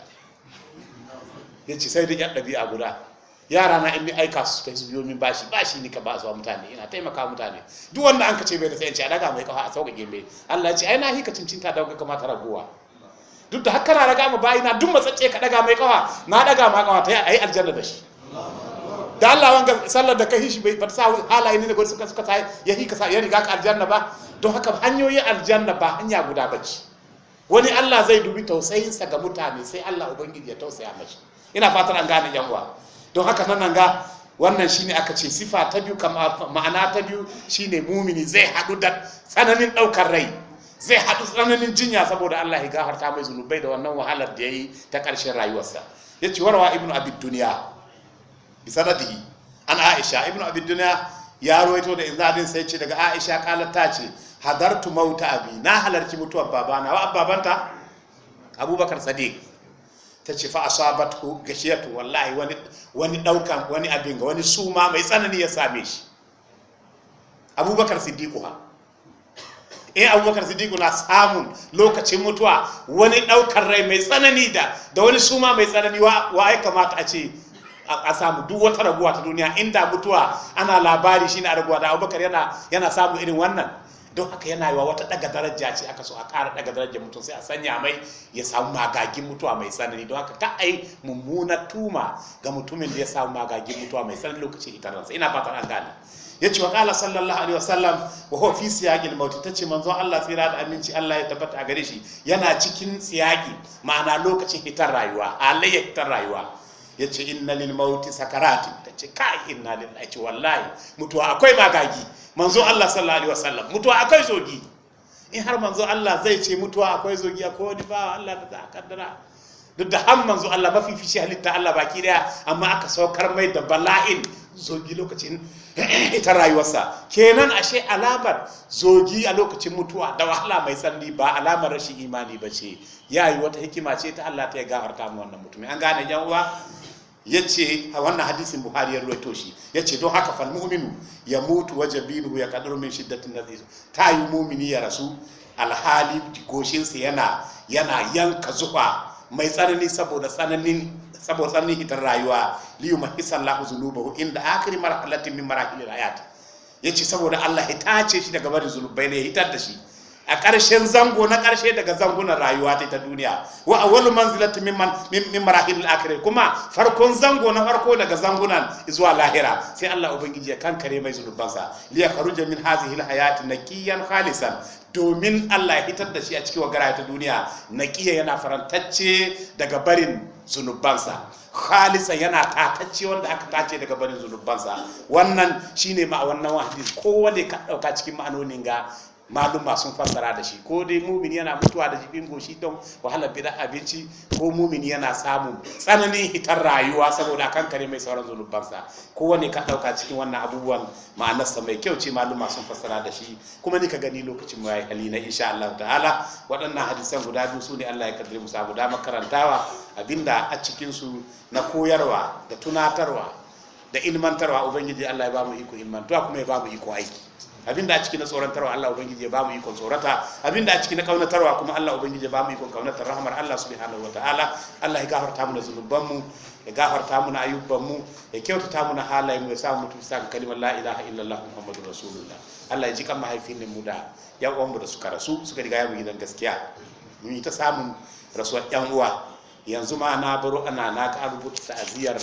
ya ce sai da yan ɗabi'a guda yara na in ni aika su ta biyo min bashi bashi ni ka ba zuwa mutane ina taimaka mutane duk wanda an ka bai da tsayanci a daga mai kafa a sauka gembe Allah ya ce ai na hika cincin ta dauka kamata ragowa duk da haka na raga ma bai na duk matsace ka daga mai kafa na daga ma kafa ta yi aljanna da shi da Allah wanga sallar da kai shi bai ba sa halaye ne gwada suka suka ta ya hika sa ya riga ka aljanna ba don haka hanyoyin aljanna ba hanya guda bace wani Allah zai dubi tausayinsa ga mutane sai Allah ubangiji ya tausaya mashi ina fatan an gane yan don haka nan ga wannan shine aka ce sifa ta biyu ma'ana ta biyu shine mumini zai haɗu da tsananin ɗaukar rai zai haɗu tsananin jinya saboda Allah ya gafarta mai zunubai da wannan wahalar da ya yi ta karshen rayuwarsa yace warwa ibnu abid dunya bi sanadihi an aisha ibnu abid dunya ya rawaito da izadin sai ce daga aisha kalar ta ce hadartu mauta abi na halarci mutuwar babana wa babanta abubakar sadiq ta ce fa ku gashiyatu wallahi wani wani daukan wani abin ga wani suma mai tsanani ya same shi abubakar siddiqu ha eh abubakar siddiqu na samun lokacin mutuwa wani daukan rai mai tsanani da da wani suma mai tsanani wa wa ai kamata a ce a samu duk wata raguwa ta duniya inda mutuwa ana labari shine a raguwa da abubakar yana yana samu irin wannan don haka yana yiwa wata daga daraja ce aka so a ƙara daga darajar mutum sai a sanya mai ya samu magagin mutuwa mai tsanani don haka ka ai mummuna tuma ga mutumin da ya samu magagin mutuwa mai tsanani lokacin hitararsa ina fatan an gane ya ce wa ƙala sallallahu alaihi wasallam wa huwa fi siyaqil maut ta ce manzon Allah tsira da aminci Allah ya tabbata a gare shi yana cikin siyaqi ma'ana lokacin hitar rayuwa alayya hitar rayuwa ya ce inna lil mauti sakarati ta ce kai inna lillahi wallahi mutuwa akwai magagi manzo Allah sallallahu alaihi wasallam mutuwa akwai zogi in har manzo Allah zai ce mutuwa akwai zogi akwai wani ba Allah da za a kaddara duk da har manzo Allah mafi shi halitta Allah baki daya amma aka saukar mai da bala'in zogi lokacin ita rayuwarsa kenan ashe alamar zogi a lokacin mutuwa da wahala mai tsalli ba alamar rashin imani ba ce ya yi wata hikima ce ta Allah ta ya gafarta mu wannan mutumin an gane yan uwa yace wannan hadisin buhari ya ruwaito shi yace don haka fal mu'minu ya mutu wajabihu ya qadaru min shiddatin nazis ta yi mu'mini ya rasu alhali goshinsa yana yana yanka zuwa mai tsanani saboda tsananin saboda tsananin hitar rayuwa liyu mahisan lahu zunubahu inda mara marhalatin min marahilil hayat yace saboda Allah tace shi daga barin zunubai ne hitar da shi a ƙarshen zango na ƙarshe daga zangunan rayuwa ta ta duniya wa a wani mimman min marahil akhir kuma farkon zango na farko daga zangunan zuwa lahira sai Allah ubangiji ya kare mai zunubansa li yakhruja min hadhihi alhayati naqiyan khalisan domin Allah ya hitar da shi a cikin wagara ta duniya nakiya yana farantacce daga barin zunubansa khalisa yana tatacce wanda aka tace daga barin zunubansa wannan shine wannan hadisi kowa da ka dauka cikin ma'anonin ga maluma sun fassara da shi ko dai mumin yana mutuwa da jibin goshi don wahalar bidan abinci ko mumin yana samun tsananin hitar rayuwa saboda kan kare mai sauran zunubansa kowane ka dauka cikin wannan abubuwan ma'anarsa mai kyau ce maluma sun fassara da shi kuma ni ka gani lokacin mai hali na insha Allah ta'ala waɗannan hadisan guda biyu su ne Allah ya kaddare mu samu damar karantawa abinda a cikin su na koyarwa da tunatarwa da ilmantarwa ubangiji Allah ya ba mu iko ilmantuwa kuma ya ba mu iko aiki Abin da a ciki na tsorantarwa Allah ubangiji ya bamu ikon tsorata abin da a ciki na kaunatarwa kuma Allah ubangiji ya bamu ikon kaunatar rahmar Allah subhanahu ta'ala Allah ya gafarta mana da mu ya gafarta mana ayyuban mu ya kyautata mana a halayen mu ya sa mu tafi sa kalimar la ilaha illallah muhammadur rasulullah Allah ya ji kan mahaifin mu da yan uwan mu da suka rasu suka riga mu gidan gaskiya mun yi ta samun rasuwar yan uwa yanzu ma na baro ana na ka rubuta aziyar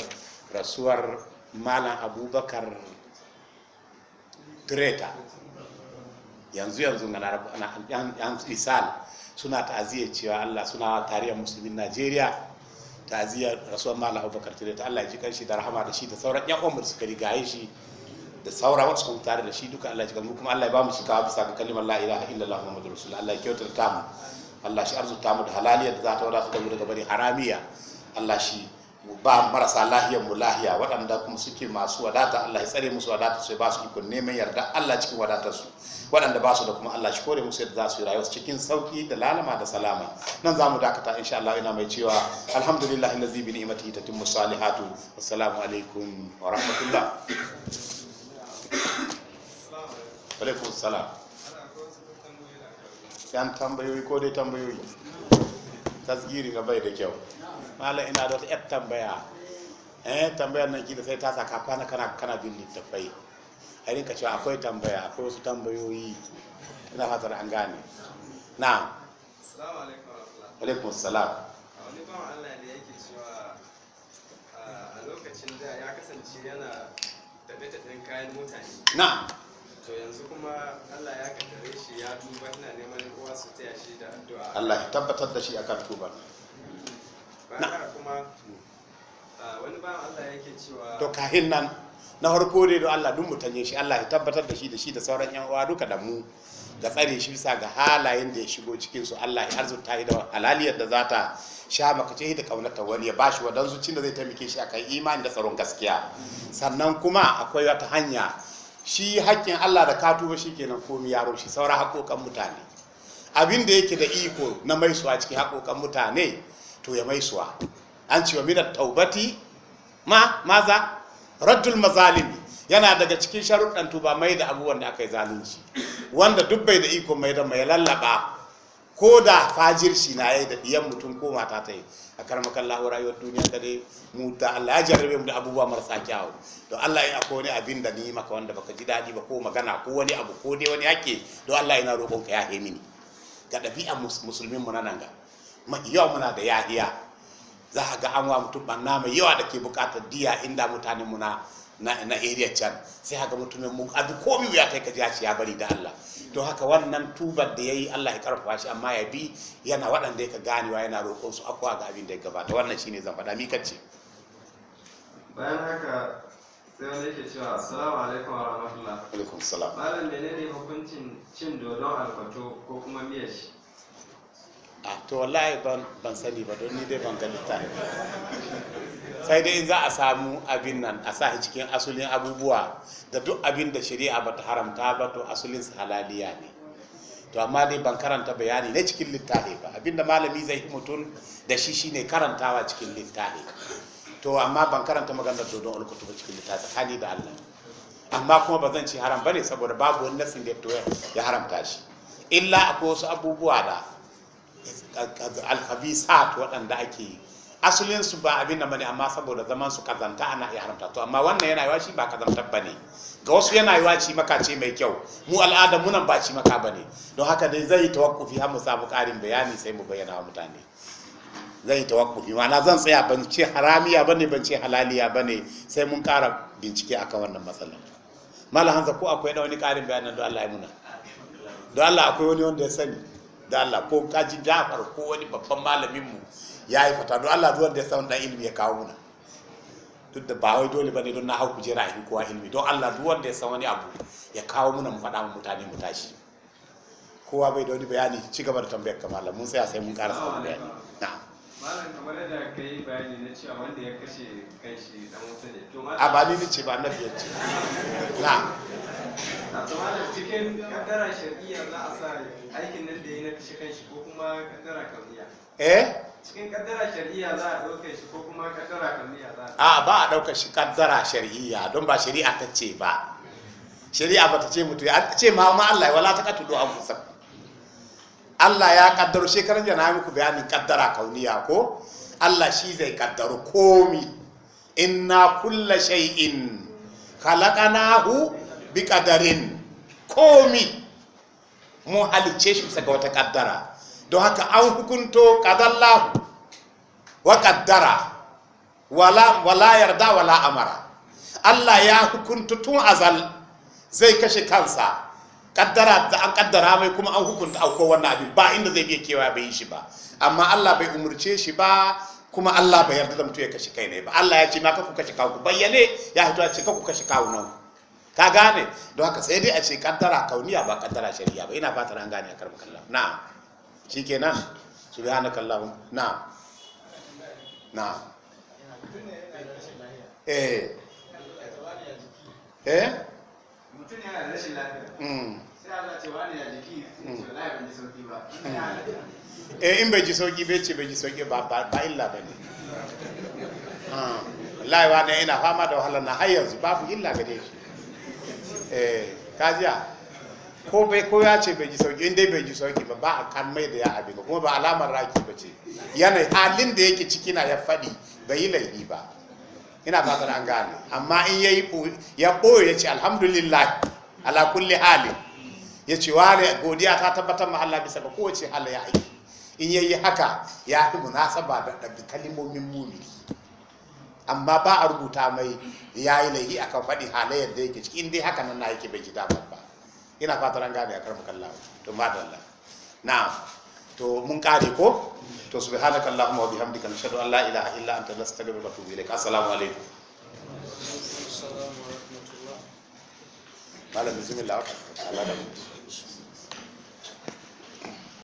rasuwar malam abubakar greta yanzu yanzu na yan isal suna ta'aziyar cewa Allah suna tariyar musulmin Najeriya ta'aziyar rasuwar Malam Abubakar tare ta Allah ya ji kanshi da rahama da shi da sauran yan uwan suka rigaye shi da sauran wasu kuma tare da shi duka Allah ya ji kanmu kuma Allah ya ba mu shi kawo bisa ga kalimar la ilaha illallah muhammadur rasulullah Allah ya kyautata mu Allah shi arzuta mu da halaliya da za ta wada su mu daga bari haramiya Allah shi ba marasa lahiyar mu lahiya waɗanda kuma suke masu wadata Allah ya tsare musu wadata su ba su ikon neman yarda Allah cikin wadata su waɗanda ba su da kuma Allah shi kore musu yadda za su yi rayuwa cikin sauki da lalama da salama nan za mu dakata insha Allah ina mai cewa alhamdulillah allazi bi ni'matihi tatimmu salihatu assalamu alaikum wa rahmatullah alaikum salam yan tambayoyi ko dai tambayoyi tasgiri ga bai da kyau mala ina da wata tambaya eh tambayar nan kila sai ta saka kana kana kana bin littafai a rinka cewa akwai tambaya akwai wasu tambayoyi ina fatar an gane na assalamu alaikum alaikum assalam a wani bawan Allah ne yake cewa a lokacin da ya kasance yana tafe-tafen kayan mutane na to yanzu kuma Allah ya kaddare shi ya duba ina neman uwa su taya shi da addu'a Allah ya tabbatar da shi akan tuba to kahin nan na harko dai don Allah duk mutanye shi Allah ya tabbatar da shi da shi da sauran yan uwa duka da mu da tsare shi bisa ga halayen da ya shigo cikin su Allah ya arzuta shi da halaliyar da za ta sha makace da kaunata wani ya bashi wadan zuci da zai taimake shi akan imani da tsaron gaskiya sannan kuma akwai wata hanya shi hakkin Allah da ka tuba kenan komai yaro shi saura hakokan mutane abin da yake da iko na maisuwa cikin hakokan mutane to ya mai suwa an ce wa minat taubati ma maza raddul mazalimi yana daga cikin sharuɗan tuba mai da abubuwan da aka yi zalunci wanda duk bai da iko mai da mai lallaba ko da shi na yayi da ɗiyan mutum ko mata ta yi a karmakan lahu rayuwar duniya da dai mu da Allah ya jarrabe mu da abubuwa marasa kyawu don Allah ya akwai wani abin da ni maka wanda baka ji daɗi ba ko magana ko wani abu ko dai wani yake don Allah yana roƙon ka ya mini ga ɗabi'a musulmin mu na nan ga mafi yawa muna da yahiya za a ga an wa mutum banna mai yawa da ke bukatar diya inda mutane muna na na area can sai haka mutumin mu abi komi ya kai kaji ya bari da Allah to haka wannan tubar da yayi Allah ya karfafa shi amma ya bi yana waɗanda yake ganewa yana roƙon su akwa ga abin da ya gabata wannan shine zan faɗa mi kace bayan haka sai wanda yake cewa assalamu alaikum wa rahmatullah alaikum salam malam menene hukuncin cin dodon alfato ko kuma miyar a to wallahi ban sani ba don ni dai ban ga ta sai dai in za a samu abin nan a sa cikin asulin abubuwa da duk abin da shari'a bata haramta ba to asulin su halaliya ne to amma dai ban karanta bayani na cikin littafi ba abinda malami zai yi mutum da shi shine karantawa cikin littafi to amma ban karanta maganda to don alkutuba cikin littafi tsakani da Allah amma kuma ba zan ci haram bane saboda babu wani nasin da ya haramta shi illa akwai wasu abubuwa da alhabisat waɗanda ake yi asalin su ba abin da bane amma saboda zaman su kazanta ana iya haramta to amma wannan yana yawa shi ba kazanta bane ga wasu yana yawa ci maka ce mai kyau mu al'ada munan ba ci maka bane don haka dai zai tawakkufi har mu samu ƙarin bayani sai mu bayyana wa mutane zai tawakkufi ma'ana zan tsaya ban ce haramiya bane ban ce halaliya bane sai mun ƙara bincike akan wannan matsalar malam hanza ko akwai da wani ƙarin bayanan don Allah ya muna don Allah akwai wani wanda ya sani da Allah ko kaji Jafar ko wani babban malamin mu ya yi fata don Allah da ya samu dan ilimi ya kawo muna duk da ba wai dole bane don na hau kujera a kowa ilimi don Allah du ya samu wani abu ya kawo muna mu faɗa mu mutane mu tashi kowa bai da wani bayani ci gaba da tambayar kamala mun tsaya sai mun ƙara samun bayani malam kamar yadda na cewa a ba ni ce ba annabi ya ce na to da cikin kaddara shari'a za a sa aikin nan da ya na kashe kai shi ko kuma kaddara kauniya eh cikin kaddara shari'a za a dauke shi ko kuma kaddara kauniya za a ba a dauka shi kaddara shari'a don ba shari'a ta ce ba shari'a ba ta ce mutu ya ce ma ma Allah wala ta katulu an musamman Allah ya kaddaro shekaran na muku bayani kaddara kauniya ko Allah shi zai kaddaro komi inna kulla shay'in khalaqnahu bi qadarin komi mu halice shi saka wata kaddara don haka an hukunto qadallahu wa kaddara wala wala yarda wala amara Allah ya hukunta tun azal zai kashe kansa kaddara da an kaddara mai kuma an hukunta auko wannan abin ba inda zai iya kewa bai yi shi ba amma Allah bai umurce shi ba kuma Allah bai yarda da mutum ya kashe kai ne ba Allah ya ce ma kaku kashe kawo bayyane ya fito a ce kaku kashe kawo nan ka gane don haka sai dai a ce kaddara kauniya ba kaddara shari'a ba ina fatan an gane a karɓar kallon na shikenan subhanaka Allah na na eh eh mutum yana da rashin lafiya hmm. sai Allah ce wani ya jiki sai ce hmm. wallahi bai ji sauki ba hmm. eh in bai ji sauki bai ce bai ji sauki ba ba illa bane wallahi wani ina fama da wahala na har yanzu babu illa gare shi eh kajiya ko bai ko ya ce bai ji sauki in dai bai ji sauki ba ba a kan mai da ya abi ba kuma ba alamar raki ba ce yanayi halin da yake ciki na ya faɗi bai yi laifi ba ina fatan an gane amma in yayi ya boye ya ce alhamdulillah ala kulli hali ya ce ware godiya ta tabbatar ma Allah bisa ga kowace hala ya yi in yayi haka ya fi munasaba da kalimomin mumini amma ba a rubuta mai ya yi laihi akan faɗi halayyar da yake ciki in dai haka nan na yake bai ji ba ina fatar an gane a karmu kallawa to madalla na to mun kare ko to subhanaka allahumma wa bihamdika nashhadu an la ilaha illa anta nastaghfiruka wa atubu ilaik assalamu alaikum malam bismillah ala da